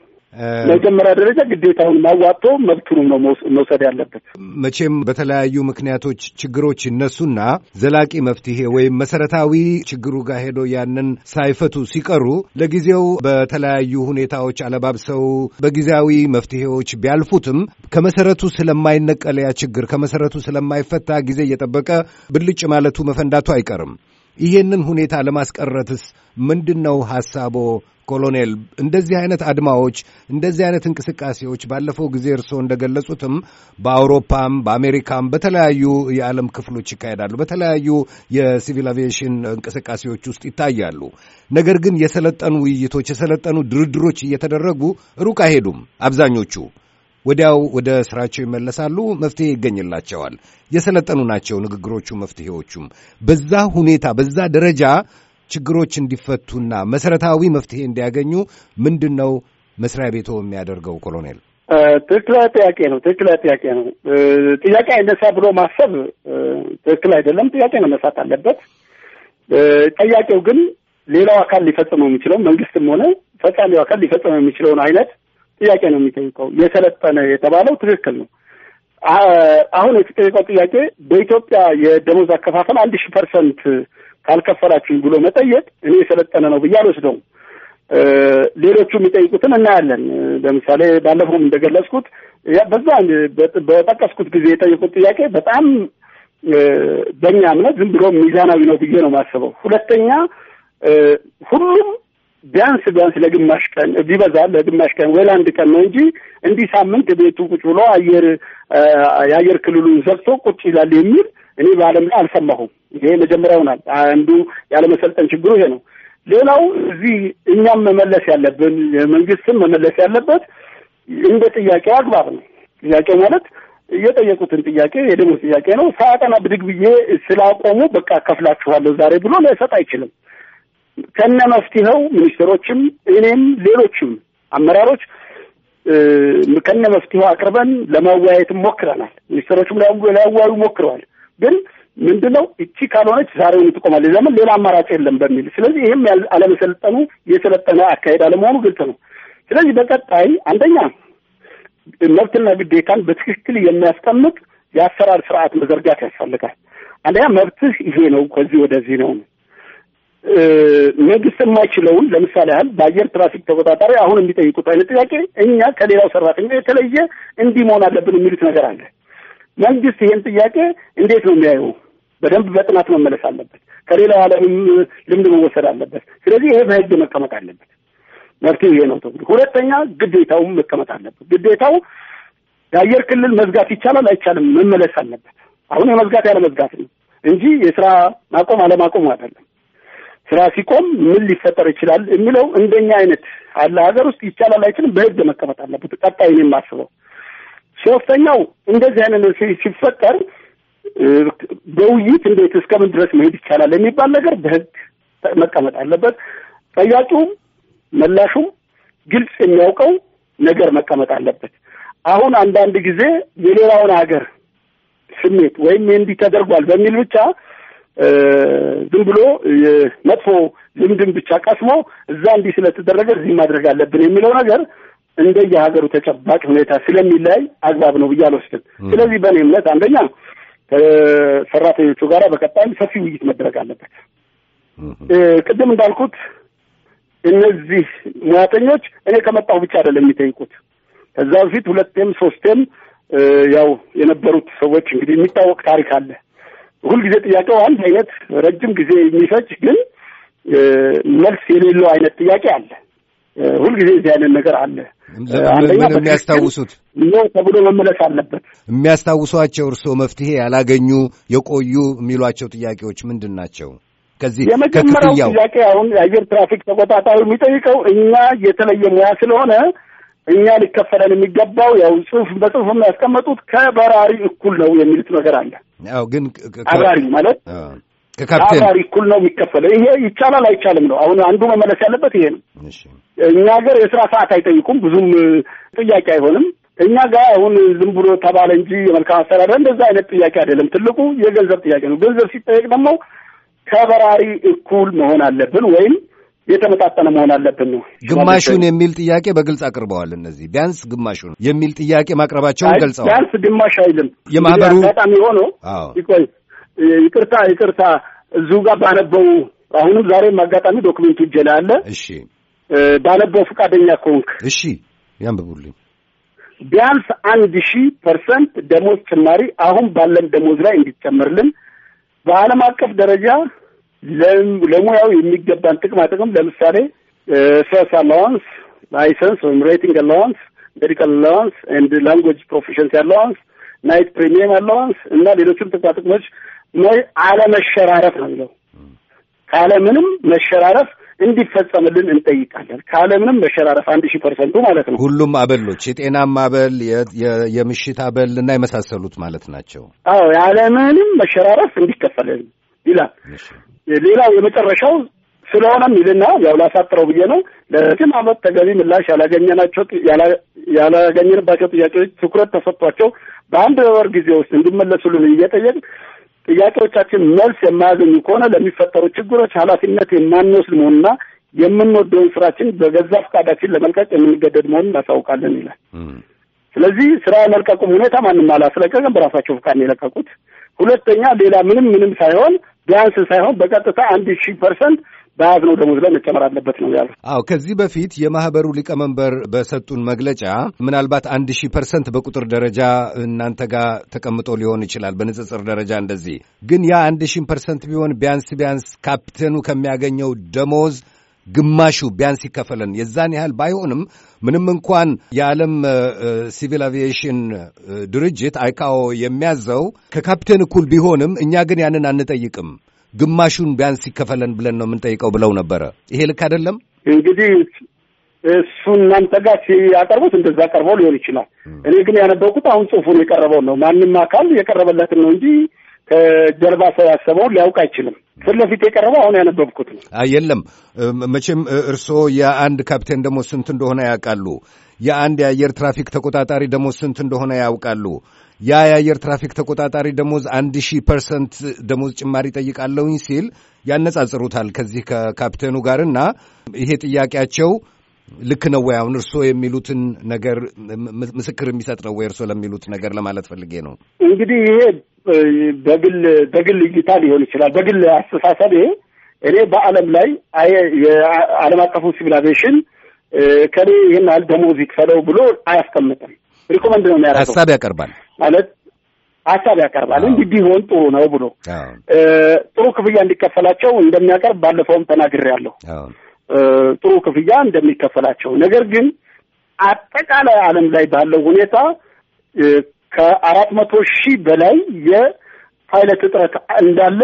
መጀመሪያ ደረጃ ግዴታውን ማዋጥቶ መብቱንም ነው መውሰድ ያለበት። መቼም በተለያዩ ምክንያቶች ችግሮች ይነሱና ዘላቂ መፍትሄ ወይም መሰረታዊ ችግሩ ጋር ሄዶ ያንን ሳይፈቱ ሲቀሩ ለጊዜው በተለያዩ ሁኔታዎች አለባብሰው በጊዜያዊ መፍትሄዎች ቢያልፉትም ከመሰረቱ ያ ችግር ከመሰረቱ ስለማይፈታ ጊዜ እየጠበቀ ብልጭ ማለቱ መፈንዳቱ አይቀርም። ይሄንን ሁኔታ ለማስቀረትስ ምንድን ነው ሐሳቦ? ኮሎኔል እንደዚህ አይነት አድማዎች፣ እንደዚህ አይነት እንቅስቃሴዎች ባለፈው ጊዜ እርስዎ እንደገለጹትም በአውሮፓም በአሜሪካም በተለያዩ የዓለም ክፍሎች ይካሄዳሉ። በተለያዩ የሲቪል አቪዬሽን እንቅስቃሴዎች ውስጥ ይታያሉ። ነገር ግን የሰለጠኑ ውይይቶች፣ የሰለጠኑ ድርድሮች እየተደረጉ ሩቅ አይሄዱም። አብዛኞቹ ወዲያው ወደ ስራቸው ይመለሳሉ። መፍትሄ ይገኝላቸዋል። የሰለጠኑ ናቸው ንግግሮቹ፣ መፍትሄዎቹም በዛ ሁኔታ በዛ ደረጃ ችግሮች እንዲፈቱና መሰረታዊ መፍትሄ እንዲያገኙ ምንድን ነው መስሪያ ቤቶ የሚያደርገው? ኮሎኔል፣ ትክክላ ጥያቄ ነው። ትክክላ ጥያቄ ነው። ጥያቄ አይነሳ ብሎ ማሰብ ትክክል አይደለም። ጥያቄ መነሳት አለበት። ጥያቄው ግን ሌላው አካል ሊፈጽመው የሚችለው መንግስትም ሆነ ፈጻሚው አካል ሊፈጽመው የሚችለውን አይነት ጥያቄ ነው የሚጠይቀው። የሰለጠነ የተባለው ትክክል ነው። አሁን የተጠየቀው ጥያቄ በኢትዮጵያ የደሞዝ አከፋፈል አንድ ሺህ ፐርሰንት ካልከፈላችሁኝ ብሎ መጠየቅ እኔ የሰለጠነ ነው ብዬ አልወስደውም። ሌሎቹ የሚጠይቁትን እናያለን። ለምሳሌ ባለፈውም እንደገለጽኩት በዛ በጠቀስኩት ጊዜ የጠየቁት ጥያቄ በጣም በእኛ እምነት ዝም ብሎ ሚዛናዊ ነው ብዬ ነው የማስበው። ሁለተኛ ሁሉም ቢያንስ ቢያንስ ለግማሽ ቀን ቢበዛ ለግማሽ ቀን ወይ ለአንድ ቀን ነው እንጂ እንዲህ ሳምንት ቤቱ ቁጭ ብሎ አየር የአየር ክልሉን ዘግቶ ቁጭ ይላል የሚል እኔ በዓለም ላይ አልሰማሁም። ይሄ መጀመሪያ ይሆናል። አንዱ ያለመሰልጠን ችግሩ ይሄ ነው። ሌላው እዚህ እኛም መመለስ ያለብን የመንግስትም መመለስ ያለበት እንደ ጥያቄ አግባብ ነው። ጥያቄ ማለት የጠየቁትን ጥያቄ የደሞዝ ጥያቄ ነው። ሳያጠና ብድግ ብዬ ስላቆሙ በቃ ከፍላችኋለሁ ዛሬ ብሎ ላይሰጥ አይችልም። ከነ መፍትሄው ሚኒስትሮችም፣ እኔም፣ ሌሎችም አመራሮች ከነ መፍትሄው አቅርበን ለማወያየትም ሞክረናል። ሚኒስትሮችም ላያዋዩ ሞክረዋል። ግን ምንድነው እቺ ካልሆነች ዛሬውን ትቆማለች፣ ለምን ሌላ አማራጭ የለም በሚል ስለዚህ ይህም አለመሰለጠኑ የሰለጠነ አካሄድ አለመሆኑ ግልጽ ነው። ስለዚህ በቀጣይ አንደኛ መብትና ግዴታን በትክክል የሚያስቀምጥ የአሰራር ስርዓት መዘርጋት ያስፈልጋል። አንደኛ መብትህ ይሄ ነው፣ ከዚህ ወደዚህ ነው። መንግስት የማይችለውን ለምሳሌ ያህል በአየር ትራፊክ ተቆጣጣሪ አሁን የሚጠይቁት አይነት ጥያቄ እኛ ከሌላው ሰራተኛ የተለየ እንዲህ መሆን አለብን የሚሉት ነገር አለ። መንግስት ይህን ጥያቄ እንዴት ነው የሚያየው? በደንብ በጥናት መመለስ አለበት። ከሌላው ዓለምም ልምድ መወሰድ አለበት። ስለዚህ ይሄ በህግ መቀመጥ አለበት። መፍትሄ ይሄ ነው ተብሎ ሁለተኛ ግዴታውም መቀመጥ አለበት። ግዴታው የአየር ክልል መዝጋት ይቻላል አይቻልም መመለስ አለበት። አሁን የመዝጋት ያለ መዝጋት ነው እንጂ የስራ ማቆም አለማቆም አይደለም። ስራ ሲቆም ምን ሊፈጠር ይችላል የሚለው እንደኛ አይነት አለ ሀገር ውስጥ ይቻላል አይችልም በህግ መቀመጥ አለበት። ቀጣይ እኔ የማስበው ሶስተኛው እንደዚህ አይነት ሲፈጠር በውይይት እንዴት እስከምን ድረስ መሄድ ይቻላል የሚባል ነገር በህግ መቀመጥ አለበት። ጠያቂውም መላሹም ግልጽ የሚያውቀው ነገር መቀመጥ አለበት። አሁን አንዳንድ ጊዜ የሌላውን ሀገር ስሜት ወይም እንዲህ ተደርጓል በሚል ብቻ ዝም ብሎ መጥፎ ልምድን ብቻ ቀስሞ እዛ እንዲህ ስለተደረገ እዚህ ማድረግ አለብን የሚለው ነገር እንደ የሀገሩ ተጨባጭ ሁኔታ ስለሚለያይ አግባብ ነው ብዬ አልወስድም። ስለዚህ በእኔ እምነት አንደኛ ከሰራተኞቹ ጋር በቀጣይም ሰፊ ውይይት መደረግ አለበት። ቅድም እንዳልኩት እነዚህ ሙያተኞች እኔ ከመጣሁ ብቻ አይደለም የሚጠይቁት። ከዛ በፊት ሁለቴም ሶስቴም ያው የነበሩት ሰዎች እንግዲህ የሚታወቅ ታሪክ አለ። ሁልጊዜ ጥያቄው አንድ አይነት ረጅም ጊዜ የሚፈጅ ግን መልስ የሌለው አይነት ጥያቄ አለ። ሁልጊዜ እዚህ አይነት ነገር አለ። ምን የሚያስታውሱት ነው ተብሎ መመለስ አለበት። የሚያስታውሷቸው እርስዎ መፍትሄ ያላገኙ የቆዩ የሚሏቸው ጥያቄዎች ምንድን ናቸው? ከዚህ የመጀመሪያው ጥያቄ አሁን የአየር ትራፊክ ተቆጣጣሪ የሚጠይቀው እኛ የተለየ ሙያ ስለሆነ እኛ ሊከፈለን የሚገባው ያው ጽሁፍ በጽሁፍ የሚያስቀመጡት ከበራሪ እኩል ነው የሚሉት ነገር አለ። ግን አብራሪ ማለት ከካፒቴን እኩል ነው የሚከፈለው። ይሄ ይቻላል አይቻልም ነው አሁን አንዱ መመለስ ያለበት ይሄ ነው። እኛ ሀገር የስራ ሰዓት አይጠይቁም፣ ብዙም ጥያቄ አይሆንም። እኛ ጋር አሁን ዝም ብሎ ተባለ እንጂ የመልካም አስተዳደር እንደዛ አይነት ጥያቄ አይደለም። ትልቁ የገንዘብ ጥያቄ ነው። ገንዘብ ሲጠየቅ ደግሞ ከበራሪ እኩል መሆን አለብን ወይም የተመጣጠነ መሆን አለብን ነው። ግማሹን የሚል ጥያቄ በግልጽ አቅርበዋል። እነዚህ ቢያንስ ግማሹን የሚል ጥያቄ ማቅረባቸውን ገልጸዋል። ቢያንስ ግማሽ አይልም። የማህበሩ አጋጣሚ ሆኖ ይቆይ ይቅርታ ይቅርታ፣ እዚሁ ጋር ባነበው አሁንም ዛሬ አጋጣሚ ዶክመንቱ እጄ ላይ አለ። እሺ ባነበው ፈቃደኛ ከሆንክ እሺ፣ ያንብቡልኝ። ቢያንስ አንድ ሺህ ፐርሰንት ደሞዝ ጭማሪ አሁን ባለን ደሞዝ ላይ እንዲጨመርልን በዓለም አቀፍ ደረጃ ለሙያው የሚገባን ጥቅማ ጥቅም ለምሳሌ ሰስ አላዋንስ፣ ላይሰንስ ወይም ሬቲንግ አላዋንስ፣ ሜዲካል አላዋንስ ኤንድ ላንጉጅ ፕሮፌሽንስ አላዋንስ፣ ናይት ፕሪሚየም አላዋንስ እና ሌሎችም ጥቅማ ጥቅሞች አለመሸራረፍ ነው የሚለው። ካለምንም መሸራረፍ እንዲፈጸምልን እንጠይቃለን። ካለምንም መሸራረፍ አንድ ሺህ ፐርሰንቱ ማለት ነው። ሁሉም አበሎች የጤናም አበል፣ የምሽት አበል እና የመሳሰሉት ማለት ናቸው። አዎ ያለምንም መሸራረፍ እንዲከፈልን ይላል። ሌላው የመጨረሻው ስለሆነም ይልና ያው ላሳጥረው ብዬ ነው። ለረጅም ዓመት ተገቢ ምላሽ ያላገኘናቸው ያላገኘንባቸው ጥያቄዎች ትኩረት ተሰጥቷቸው በአንድ ወር ጊዜ ውስጥ እንዲመለሱልን እየጠየቅ ጥያቄዎቻችን መልስ የማያገኙ ከሆነ ለሚፈጠሩ ችግሮች ኃላፊነት የማንወስድ መሆኑና የምንወደውን ስራችን በገዛ ፈቃዳችን ለመልቀቅ የምንገደድ መሆኑን እናሳውቃለን ይላል። ስለዚህ ስራ የመልቀቁም ሁኔታ ማንም አላስለቀቀም፣ በራሳቸው ፍቃድ የለቀቁት። ሁለተኛ ሌላ ምንም ምንም ሳይሆን ቢያንስ ሳይሆን በቀጥታ አንድ ሺህ ፐርሰንት በያዝ ነው ደሞዝ ላይ መጨመር አለበት ነው ያሉት። አዎ ከዚህ በፊት የማህበሩ ሊቀመንበር በሰጡን መግለጫ ምናልባት አንድ ሺህ ፐርሰንት በቁጥር ደረጃ እናንተ ጋር ተቀምጦ ሊሆን ይችላል በንጽጽር ደረጃ እንደዚህ። ግን ያ አንድ ሺህ ፐርሰንት ቢሆን ቢያንስ ቢያንስ ካፕቴኑ ከሚያገኘው ደሞዝ ግማሹ ቢያንስ ይከፈለን። የዛን ያህል ባይሆንም ምንም እንኳን የዓለም ሲቪል አቪዬሽን ድርጅት አይካኦ የሚያዘው ከካፕቴን እኩል ቢሆንም እኛ ግን ያንን አንጠይቅም። ግማሹን ቢያንስ ይከፈለን ብለን ነው የምንጠይቀው ብለው ነበረ። ይሄ ልክ አይደለም። እንግዲህ እሱ እናንተ ጋር ሲያቀርቡት እንደዛ ቀርበው ሊሆን ይችላል። እኔ ግን ያነበብኩት አሁን ጽሁፉን የቀረበውን ነው። ማንም አካል የቀረበለትን ነው እንጂ ከጀርባ ሰው ያሰበውን ሊያውቅ አይችልም። ፊት ለፊት የቀረበው አሁን ያነበብኩት ነው። የለም መቼም እርስዎ የአንድ ካፕቴን ደሞዝ ስንት እንደሆነ ያውቃሉ። የአንድ የአየር ትራፊክ ተቆጣጣሪ ደሞዝ ስንት እንደሆነ ያውቃሉ። ያ የአየር ትራፊክ ተቆጣጣሪ ደሞዝ አንድ ሺህ ፐርሰንት ደሞዝ ጭማሪ ጠይቃለውኝ ሲል ያነጻጽሩታል ከዚህ ከካፕቴኑ ጋር እና ይሄ ጥያቄያቸው ልክ ነው ወይ? አሁን እርስዎ የሚሉትን ነገር ምስክር የሚሰጥ ነው ወይ? እርስዎ ለሚሉት ነገር ለማለት ፈልጌ ነው። እንግዲህ ይሄ በግል በግል እይታ ሊሆን ይችላል። በግል አስተሳሰብ ይሄ እኔ በዓለም ላይ የዓለም አቀፉ ሲቪላይዜሽን አቪዬሽን ከኔ ይህን ያህል ደሞዝ ይክፈለው ብሎ አያስቀምጥም። ሪኮመንድ ነው የሚያደርገው ሀሳብ ያቀርባል ማለት ሀሳብ ያቀርባል እንዲህ ቢሆን ጥሩ ነው ብሎ ጥሩ ክፍያ እንዲከፈላቸው እንደሚያቀርብ ባለፈውም ተናግሬያለሁ። ጥሩ ክፍያ እንደሚከፈላቸው ነገር ግን አጠቃላይ ዓለም ላይ ባለው ሁኔታ ከአራት መቶ ሺህ በላይ የፓይለት እጥረት እንዳለ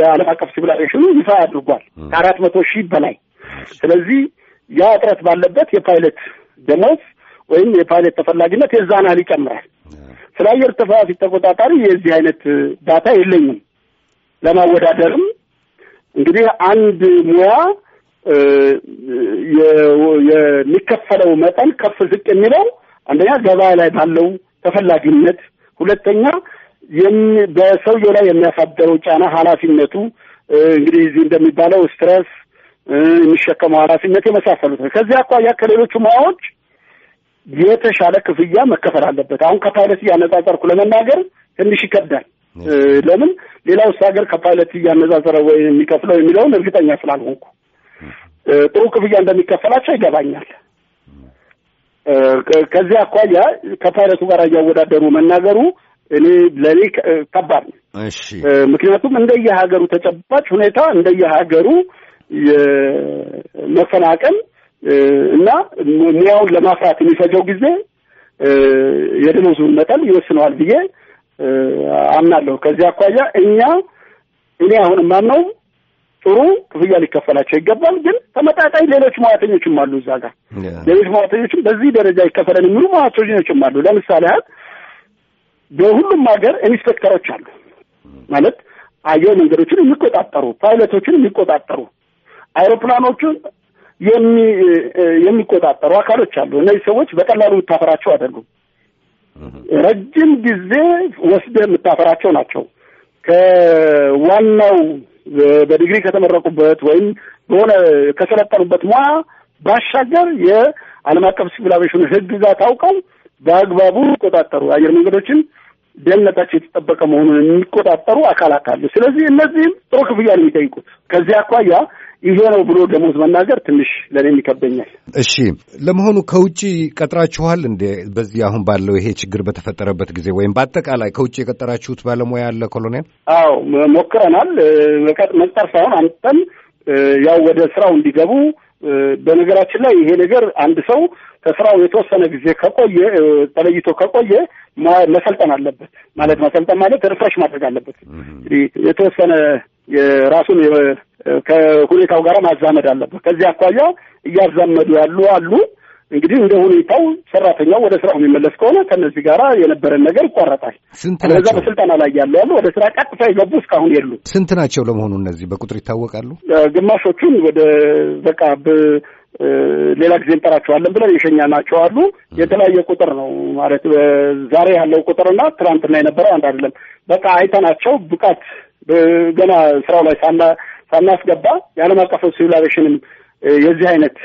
የዓለም አቀፍ ሲቪላይዜሽኑ ይፋ አድርጓል። ከአራት መቶ ሺህ በላይ ስለዚህ ያ እጥረት ባለበት የፓይለት ደሞዝ ወይም የፓይለት ተፈላጊነት የዛን ያህል ይጨምራል። ስለ አየር ተፋፊ ተቆጣጣሪ የዚህ አይነት ዳታ የለኝም። ለማወዳደርም እንግዲህ አንድ ሙያ የሚከፈለው መጠን ከፍ ዝቅ የሚለው አንደኛ ገበያ ላይ ባለው ተፈላጊነት፣ ሁለተኛ በሰውየው ላይ የሚያሳደረው ጫና ኃላፊነቱ እንግዲህ እዚህ እንደሚባለው ስትረስ የሚሸከመው ኃላፊነት የመሳሰሉት ነው። ከዚህ አኳያ ከሌሎቹ ሙያዎች የተሻለ ክፍያ መከፈል አለበት። አሁን ከፓይለት እያነጻጸርኩ ለመናገር ትንሽ ይከብዳል። ለምን ሌላው ውስጥ ሀገር ከፓይለት እያነጻጸረ ወይ የሚከፍለው የሚለውን እርግጠኛ ስላልሆንኩ ጥሩ ክፍያ እንደሚከፈላቸው ይገባኛል። ከዚህ አኳያ ከፓይለቱ ጋር እያወዳደሩ መናገሩ እኔ ለእኔ ከባድ ነው። ምክንያቱም እንደየሀገሩ ተጨባጭ ሁኔታ እንደየሀገሩ የመፈናቀል እና ሙያውን ለማፍራት የሚፈጀው ጊዜ የደሞዙን መጠን ይወስነዋል ብዬ አምናለሁ። ከዚህ አኳያ እኛ እኔ አሁን የማምነው ጥሩ ክፍያ ሊከፈላቸው ይገባል። ግን ተመጣጣኝ ሌሎች ሙያተኞችም አሉ እዛ ጋር ሌሎች ሙያተኞችም በዚህ ደረጃ ይከፈለን የሚሉ ሙያተኞችም አሉ። ለምሳሌ ያህል በሁሉም ሀገር ኢንስፔክተሮች አሉ ማለት አየር መንገዶችን የሚቆጣጠሩ ፓይለቶችን የሚቆጣጠሩ አይሮፕላኖቹን የሚቆጣጠሩ አካሎች አሉ። እነዚህ ሰዎች በቀላሉ የምታፈራቸው አይደሉም። ረጅም ጊዜ ወስደ የምታፈራቸው ናቸው። ከዋናው በዲግሪ ከተመረቁበት ወይም በሆነ ከሰለጠኑበት ሙያ ባሻገር የዓለም አቀፍ ሲቪል አቪዬሽን ሕግጋት ታውቀው በአግባቡ ይቆጣጠሩ አየር መንገዶችን ደህንነታቸው የተጠበቀ መሆኑን የሚቆጣጠሩ አካላት አሉ። ስለዚህ እነዚህም ጥሩ ክፍያ ነው የሚጠይቁት። ከዚህ አኳያ ይሄ ነው ብሎ ደሞዝ መናገር ትንሽ ለእኔም ይከበኛል። እሺ፣ ለመሆኑ ከውጭ ቀጥራችኋል እንዴ? በዚህ አሁን ባለው ይሄ ችግር በተፈጠረበት ጊዜ ወይም በአጠቃላይ ከውጭ የቀጠራችሁት ባለሙያ አለ ኮሎኔል? አዎ፣ ሞክረናል። መቅጠር ሳይሆን አንተም ያው ወደ ስራው እንዲገቡ በነገራችን ላይ ይሄ ነገር አንድ ሰው ከስራው የተወሰነ ጊዜ ከቆየ ተለይቶ ከቆየ መሰልጠን አለበት ማለት መሰልጠን ማለት ሪፍሬሽ ማድረግ አለበት። እንግዲህ የተወሰነ የራሱን ከሁኔታው ጋር ማዛመድ አለበት። ከዚህ አኳያ እያዛመዱ ያሉ አሉ። እንግዲህ እንደ ሁኔታው ሰራተኛው ወደ ስራው የሚመለስ ከሆነ ከነዚህ ጋር የነበረን ነገር ይቋረጣል። ስንት ናቸው በስልጠና ላይ ያሉ ያሉ ወደ ስራ ቀጥታ የገቡ እስካሁን የሉ ስንት ናቸው ለመሆኑ? እነዚህ በቁጥር ይታወቃሉ? ግማሾቹን ወደ በቃ ሌላ ጊዜ እንጠራቸዋለን ብለን የሸኛ አሉ። የተለያየ ቁጥር ነው ማለት ዛሬ ያለው ቁጥርና ትናንትና የነበረው አንድ አይደለም። በቃ አይተናቸው ብቃት ገና ስራው ላይ ሳናስገባ የዓለም አቀፍ ሲቪላይዜሽንም የዚህ አይነት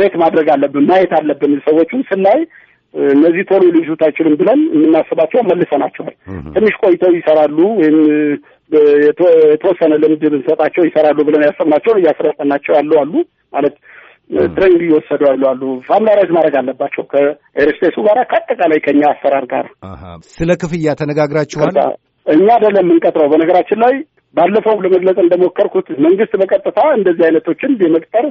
ሬት ማድረግ አለብን ማየት አለብን። ሰዎቹን ስናይ እነዚህ ቶሎ ሊሹት አይችልም ብለን የምናስባቸው መልሰናቸዋል። ትንሽ ቆይተው ይሰራሉ ወይም የተወሰነ ልምድ ብንሰጣቸው ይሰራሉ ብለን ያሰብናቸውን እያስረጠናቸው ያሉ አሉ ማለት ትሬንግ እየወሰዱ ያሉ አሉ። ፋሚላራይዝ ማድረግ አለባቸው ከኤርስቴሱ ጋር ከአጠቃላይ ከኛ አሰራር ጋር። ስለ ክፍያ ተነጋግራችኋል? እኛ አይደለም የምንቀጥረው። በነገራችን ላይ ባለፈው ለመግለጽ እንደሞከርኩት መንግስት በቀጥታ እንደዚህ አይነቶችን የመቅጠር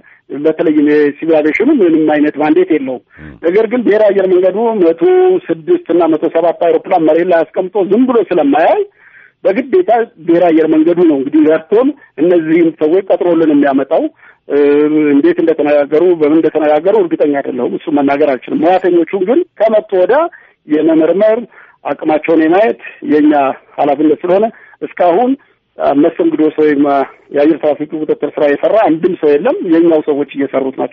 በተለይ ሲቪል አቪዬሽኑ ምንም አይነት ማንዴት የለውም። ነገር ግን ብሔራዊ አየር መንገዱ መቶ ስድስት እና መቶ ሰባት አውሮፕላን መሬት ላይ አስቀምጦ ዝም ብሎ ስለማያይ በግዴታ ብሔራዊ አየር መንገዱ ነው እንግዲህ ረድቶን እነዚህም ሰዎች ቀጥሮልን የሚያመጣው። እንዴት እንደተነጋገሩ በምን እንደተነጋገሩ እርግጠኛ አይደለሁም። እሱ መናገር አልችልም። ሙያተኞቹን ግን ከመጡ ወዲያ የመመርመር አቅማቸውን የማየት የእኛ ኃላፊነት ስለሆነ እስካሁን መስተንግዶ ሰው ወይም የአየር ትራፊክ ቁጥጥር ስራ የሰራ አንድም ሰው የለም። የኛው ሰዎች እየሰሩት ናቸው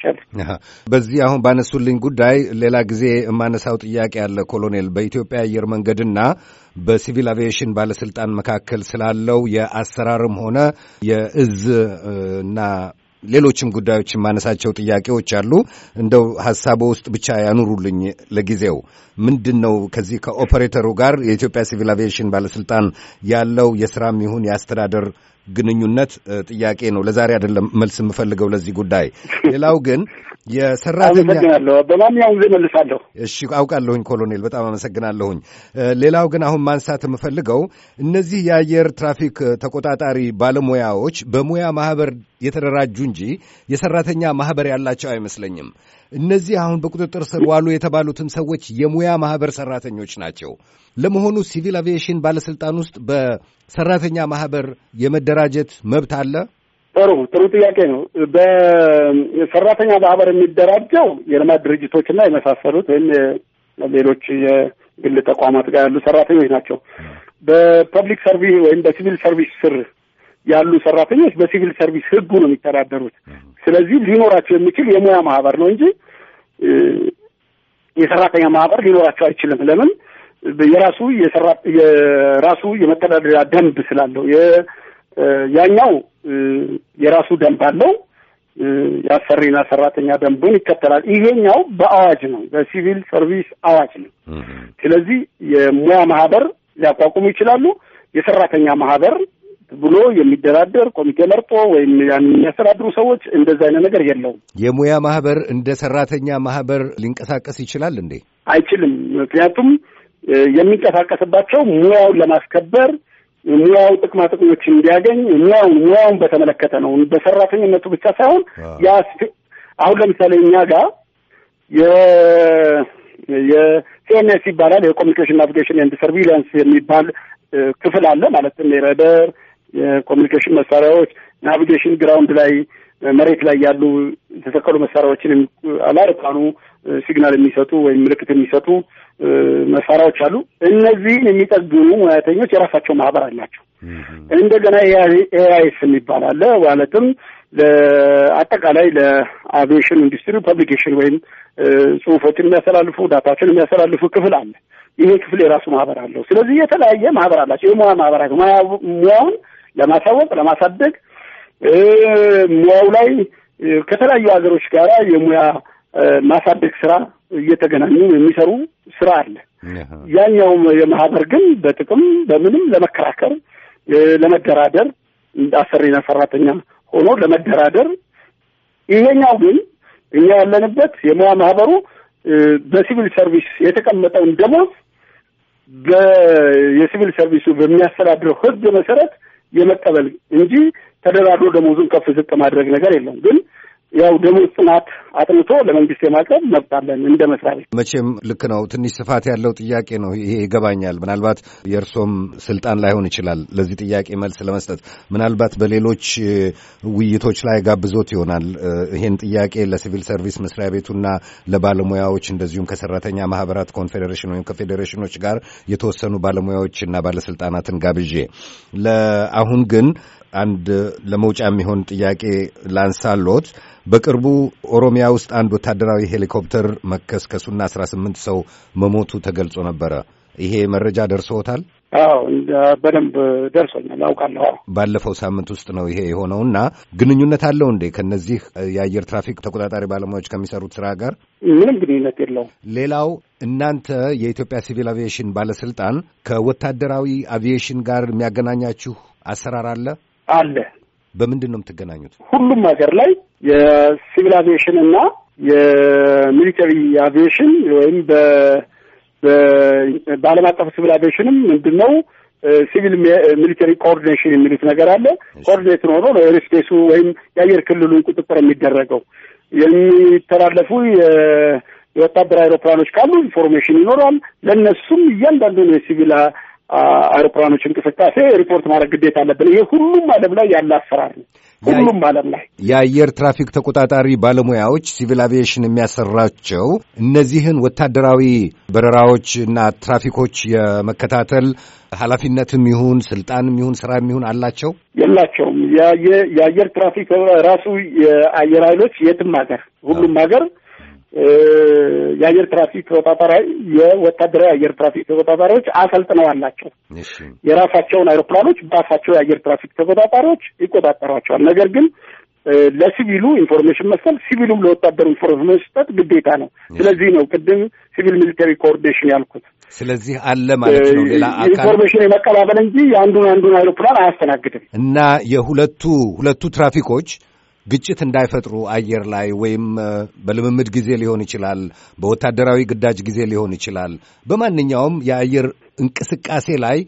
በዚህ አሁን ባነሱልኝ ጉዳይ ሌላ ጊዜ የማነሳው ጥያቄ አለ ኮሎኔል። በኢትዮጵያ አየር መንገድና በሲቪል አቪዬሽን ባለስልጣን መካከል ስላለው የአሰራርም ሆነ የእዝ እና ሌሎችም ጉዳዮች የማነሳቸው ጥያቄዎች አሉ። እንደው ሀሳቡ ውስጥ ብቻ ያኑሩልኝ። ለጊዜው ምንድን ነው ከዚህ ከኦፐሬተሩ ጋር የኢትዮጵያ ሲቪል አቪዬሽን ባለስልጣን ያለው የስራም ይሁን የአስተዳደር ግንኙነት ጥያቄ ነው። ለዛሬ አይደለም መልስ የምፈልገው ለዚህ ጉዳይ። ሌላው ግን የሰራተኛ በማንኛውም ጊዜ መልሳለሁ። እሺ አውቃለሁኝ ኮሎኔል፣ በጣም አመሰግናለሁኝ። ሌላው ግን አሁን ማንሳት የምፈልገው እነዚህ የአየር ትራፊክ ተቆጣጣሪ ባለሙያዎች በሙያ ማህበር የተደራጁ እንጂ የሰራተኛ ማህበር ያላቸው አይመስለኝም። እነዚህ አሁን በቁጥጥር ስር ዋሉ የተባሉትም ሰዎች የሙያ ማህበር ሰራተኞች ናቸው። ለመሆኑ ሲቪል አቪዬሽን ባለስልጣን ውስጥ በሰራተኛ ማህበር የመደራጀት መብት አለ? ጥሩ ጥሩ ጥያቄ ነው። በሰራተኛ ማህበር የሚደራጀው የልማት ድርጅቶችና የመሳሰሉት ወይም ሌሎች የግል ተቋማት ጋር ያሉ ሰራተኞች ናቸው። በፐብሊክ ሰርቪስ ወይም በሲቪል ሰርቪስ ስር ያሉ ሰራተኞች በሲቪል ሰርቪስ ህጉ ነው የሚተዳደሩት። ስለዚህ ሊኖራቸው የሚችል የሙያ ማህበር ነው እንጂ የሰራተኛ ማህበር ሊኖራቸው አይችልም። ለምን የራሱ የሰራ የራሱ የመተዳደሪያ ደንብ ስላለው ያኛው የራሱ ደንብ አለው። የአሰሪና ሰራተኛ ደንቡን ይከተላል። ይሄኛው በአዋጅ ነው፣ በሲቪል ሰርቪስ አዋጅ ነው። ስለዚህ የሙያ ማህበር ሊያቋቁሙ ይችላሉ። የሰራተኛ ማህበር ብሎ የሚደራደር ኮሚቴ መርጦ ወይም ያን የሚያስተዳድሩ ሰዎች እንደዚ አይነት ነገር የለውም። የሙያ ማህበር እንደ ሰራተኛ ማህበር ሊንቀሳቀስ ይችላል እንዴ? አይችልም። ምክንያቱም የሚንቀሳቀስባቸው ሙያውን ለማስከበር ሙያው ጥቅማ ጥቅሞች እንዲያገኝ ሙያውን ሙያውን በተመለከተ ነው። በሰራተኝነቱ ብቻ ሳይሆን ያ አሁን ለምሳሌ እኛ ጋር የሲኤንኤስ ይባላል የኮሚኒኬሽን ናቪጌሽን ኤንድ ሰርቪላንስ የሚባል ክፍል አለ። ማለትም የረደር የኮሚኒኬሽን መሳሪያዎች ናቪጌሽን ግራውንድ ላይ መሬት ላይ ያሉ የተተከሉ መሳሪያዎችን አላርቃኑ ሲግናል የሚሰጡ ወይም ምልክት የሚሰጡ መሳሪያዎች አሉ። እነዚህን የሚጠግኑ ሙያተኞች የራሳቸው ማህበር አላቸው። እንደገና ኤአይስ የሚባል አለ። ማለትም ለአጠቃላይ ለአቪዬሽን ኢንዱስትሪ ፐብሊኬሽን ወይም ጽሁፎችን የሚያስተላልፉ ዳታዎችን የሚያስተላልፉ ክፍል አለ። ይሄ ክፍል የራሱ ማህበር አለው። ስለዚህ የተለያየ ማህበር አላቸው። የሙያ ማህበራት ሙያውን ለማሳወቅ ለማሳደግ ሙያው ላይ ከተለያዩ ሀገሮች ጋር የሙያ ማሳደግ ስራ እየተገናኙ የሚሰሩ ስራ አለ። ያኛውም የማህበር ግን በጥቅም በምንም ለመከራከር ለመደራደር አሰሪና ሰራተኛ ሆኖ ለመደራደር ይሄኛው ግን እኛ ያለንበት የሙያ ማህበሩ በሲቪል ሰርቪስ የተቀመጠውን ደሞዝ የሲቪል ሰርቪሱ በሚያስተዳድረው ህግ መሰረት የመቀበል እንጂ ተደራድሮ ደሞዙን ከፍ ዝቅ ማድረግ ነገር የለም። ግን ያው ደሞዝ ጥናት አጥንቶ ለመንግስት የማቅረብ መብታለን እንደ መስሪያ ቤት። መቼም ልክ ነው። ትንሽ ስፋት ያለው ጥያቄ ነው ይሄ ይገባኛል። ምናልባት የእርሶም ስልጣን ላይሆን ይችላል ለዚህ ጥያቄ መልስ ለመስጠት። ምናልባት በሌሎች ውይይቶች ላይ ጋብዞት ይሆናል ይሄን ጥያቄ ለሲቪል ሰርቪስ መስሪያ ቤቱና ለባለሙያዎች እንደዚሁም ከሰራተኛ ማህበራት ኮንፌዴሬሽን ወይም ከፌዴሬሽኖች ጋር የተወሰኑ ባለሙያዎችና ባለስልጣናትን ጋብዤ ለአሁን ግን አንድ ለመውጫ የሚሆን ጥያቄ ላንሳሎት። በቅርቡ ኦሮሚያ ውስጥ አንድ ወታደራዊ ሄሊኮፕተር መከስከሱና አስራ ስምንት ሰው መሞቱ ተገልጾ ነበረ። ይሄ መረጃ ደርሶታል? አዎ በደንብ ደርሶኛል፣ አውቃለሁ። ባለፈው ሳምንት ውስጥ ነው ይሄ የሆነው እና ግንኙነት አለው እንዴ ከነዚህ የአየር ትራፊክ ተቆጣጣሪ ባለሙያዎች ከሚሰሩት ስራ ጋር? ምንም ግንኙነት የለው። ሌላው እናንተ የኢትዮጵያ ሲቪል አቪዬሽን ባለስልጣን ከወታደራዊ አቪዬሽን ጋር የሚያገናኛችሁ አሰራር አለ? አለ። በምንድን ነው የምትገናኙት? ሁሉም ሀገር ላይ የሲቪል አቪዬሽን እና የሚሊተሪ አቪዬሽን ወይም በዓለም አቀፍ ሲቪል አቪዬሽንም ምንድን ነው ሲቪል ሚሊተሪ ኮኦርዲኔሽን የሚሉት ነገር አለ። ኮኦርዲኔት ሆኖ ነው ኤርስፔሱ ወይም የአየር ክልሉን ቁጥጥር የሚደረገው። የሚተላለፉ የወታደር አውሮፕላኖች ካሉ ኢንፎርሜሽን ይኖረዋል። ለእነሱም እያንዳንዱን የሲቪል አውሮፕላኖች እንቅስቃሴ ሪፖርት ማድረግ ግዴታ አለብን። ይሄ ሁሉም ዓለም ላይ ያለ አሰራር ነው። ሁሉም ዓለም ላይ የአየር ትራፊክ ተቆጣጣሪ ባለሙያዎች ሲቪል አቪዬሽን የሚያሰራቸው እነዚህን ወታደራዊ በረራዎች እና ትራፊኮች የመከታተል ኃላፊነትም ይሁን ስልጣንም ይሁን ስራ ይሁን አላቸው የላቸውም? የአየር ትራፊክ ራሱ የአየር ኃይሎች የትም ሀገር ሁሉም ሀገር የአየር ትራፊክ ተቆጣጣሪ የወታደራዊ የአየር ትራፊክ ተቆጣጣሪዎች አሰልጥነው አላቸው። የራሳቸውን አይሮፕላኖች በራሳቸው የአየር ትራፊክ ተቆጣጣሪዎች ይቆጣጠሯቸዋል። ነገር ግን ለሲቪሉ ኢንፎርሜሽን መስጠት ሲቪሉም ለወታደሩ ኢንፎርሜሽን መስጠት ግዴታ ነው። ስለዚህ ነው ቅድም ሲቪል ሚሊተሪ ኮኦርዲኔሽን ያልኩት። ስለዚህ አለ ማለት ነው። ሌላ ኢንፎርሜሽን የመቀባበል እንጂ የአንዱን አንዱን አይሮፕላን አያስተናግድም እና የሁለቱ ሁለቱ ትራፊኮች ግጭት እንዳይፈጥሩ አየር ላይ ወይም በልምምድ ጊዜ ሊሆን ይችላል፣ በወታደራዊ ግዳጅ ጊዜ ሊሆን ይችላል። በማንኛውም የአየር እንቅስቃሴ ላይ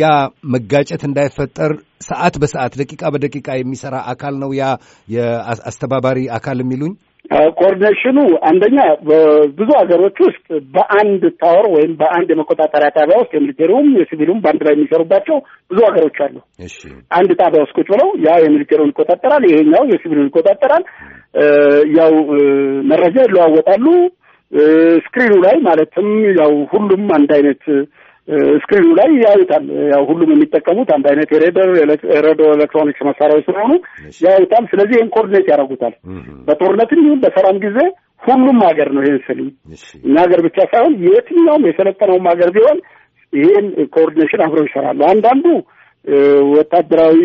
ያ መጋጨት እንዳይፈጠር ሰዓት በሰዓት ደቂቃ በደቂቃ የሚሰራ አካል ነው ያ የአስተባባሪ አካል የሚሉኝ ኮኦርዲኔሽኑ አንደኛ በብዙ ሀገሮች ውስጥ በአንድ ታወር ወይም በአንድ የመቆጣጠሪያ ጣቢያ ውስጥ የሚሊቴሩም የሲቪሉም በአንድ ላይ የሚሰሩባቸው ብዙ ሀገሮች አሉ። አንድ ጣቢያ ውስጥ ቁጭ ብለው ያ የሚሊቴሩን ይቆጣጠራል፣ ይሄኛው የሲቪሉን ይቆጣጠራል። ያው መረጃ ይለዋወጣሉ። ስክሪኑ ላይ ማለትም ያው ሁሉም አንድ አይነት ስክሪኑ ላይ ያዩታል። ያው ሁሉም የሚጠቀሙት አንድ አይነት የሬደር ሬዲዮ ኤሌክትሮኒክስ መሳሪያዎች ስለሆኑ ያዩታል። ስለዚህ ይህን ኮርዲኔት ያደርጉታል። በጦርነትም ይሁን በሰላም ጊዜ ሁሉም ሀገር ነው ይህን ስል እኛ ሀገር ብቻ ሳይሆን የትኛውም የሰለጠነውም ሀገር ቢሆን ይህን ኮኦርዲኔሽን አብረው ይሰራሉ። አንዳንዱ ወታደራዊ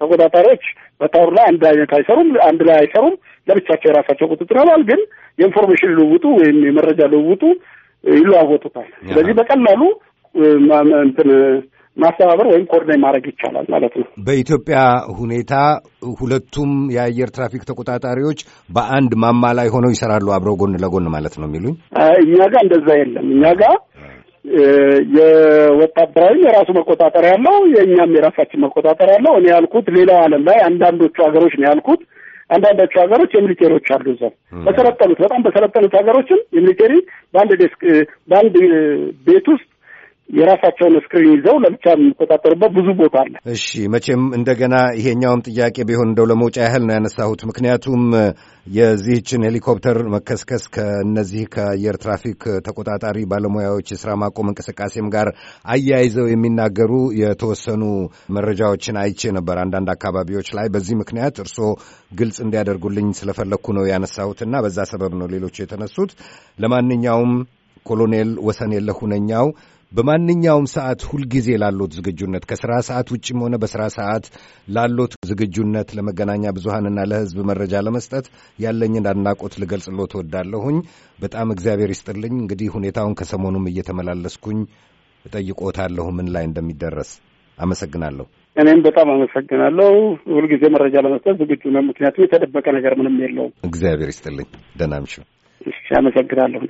ተቆጣጣሪዎች በጦር ላይ አንድ አይነት አይሰሩም፣ አንድ ላይ አይሰሩም። ለብቻቸው የራሳቸው ቁጥጥር ይሆናል። ግን የኢንፎርሜሽን ልውውጡ ወይም የመረጃ ልውውጡ ይለዋወጡታል። ስለዚህ በቀላሉ እንትን ማስተባበር ወይም ኮርኔ ማድረግ ይቻላል ማለት ነው። በኢትዮጵያ ሁኔታ ሁለቱም የአየር ትራፊክ ተቆጣጣሪዎች በአንድ ማማ ላይ ሆነው ይሰራሉ አብረው ጎን ለጎን ማለት ነው የሚሉኝ። እኛ ጋር እንደዛ የለም። እኛ ጋር የወታደራዊም የራሱ መቆጣጠሪያ ያለው፣ የእኛም የራሳችን መቆጣጠሪያ ያለው። እኔ ያልኩት ሌላው ዓለም ላይ አንዳንዶቹ ሀገሮች ነው ያልኩት አንዳንዳቸው ሀገሮች የሚሊቴሪዎች አሉ እዛው በሰለጠኑት በጣም በሰለጠኑት ሀገሮችም የሚሊቴሪ በአንድ ዴስክ በአንድ ቤት ውስጥ የራሳቸውን ስክሪን ይዘው ለብቻ የሚቆጣጠሩበት ብዙ ቦታ አለ። እሺ መቼም እንደገና ይሄኛውም ጥያቄ ቢሆን እንደው ለመውጫ ያህል ነው ያነሳሁት። ምክንያቱም የዚህችን ሄሊኮፕተር መከስከስ ከእነዚህ ከአየር ትራፊክ ተቆጣጣሪ ባለሙያዎች የስራ ማቆም እንቅስቃሴም ጋር አያይዘው የሚናገሩ የተወሰኑ መረጃዎችን አይቼ ነበር አንዳንድ አካባቢዎች ላይ። በዚህ ምክንያት እርስዎ ግልጽ እንዲያደርጉልኝ ስለፈለግኩ ነው ያነሳሁትና በዛ ሰበብ ነው ሌሎቹ የተነሱት። ለማንኛውም ኮሎኔል ወሰን የለሁነኛው በማንኛውም ሰዓት ሁልጊዜ ላሎት ዝግጁነት ከስራ ሰዓት ውጭም ሆነ በስራ ሰዓት ላሎት ዝግጁነት ለመገናኛ ብዙሃንና ለህዝብ መረጃ ለመስጠት ያለኝን አድናቆት ልገልጽሎት እወዳለሁኝ። በጣም እግዚአብሔር ይስጥልኝ። እንግዲህ ሁኔታውን ከሰሞኑም እየተመላለስኩኝ እጠይቆታለሁ ምን ላይ እንደሚደረስ። አመሰግናለሁ። እኔም በጣም አመሰግናለሁ። ሁልጊዜ መረጃ ለመስጠት ዝግጁ ነው፣ ምክንያቱም የተደበቀ ነገር ምንም የለውም። እግዚአብሔር ይስጥልኝ። ደህና እሺ፣ አመሰግናለሁ።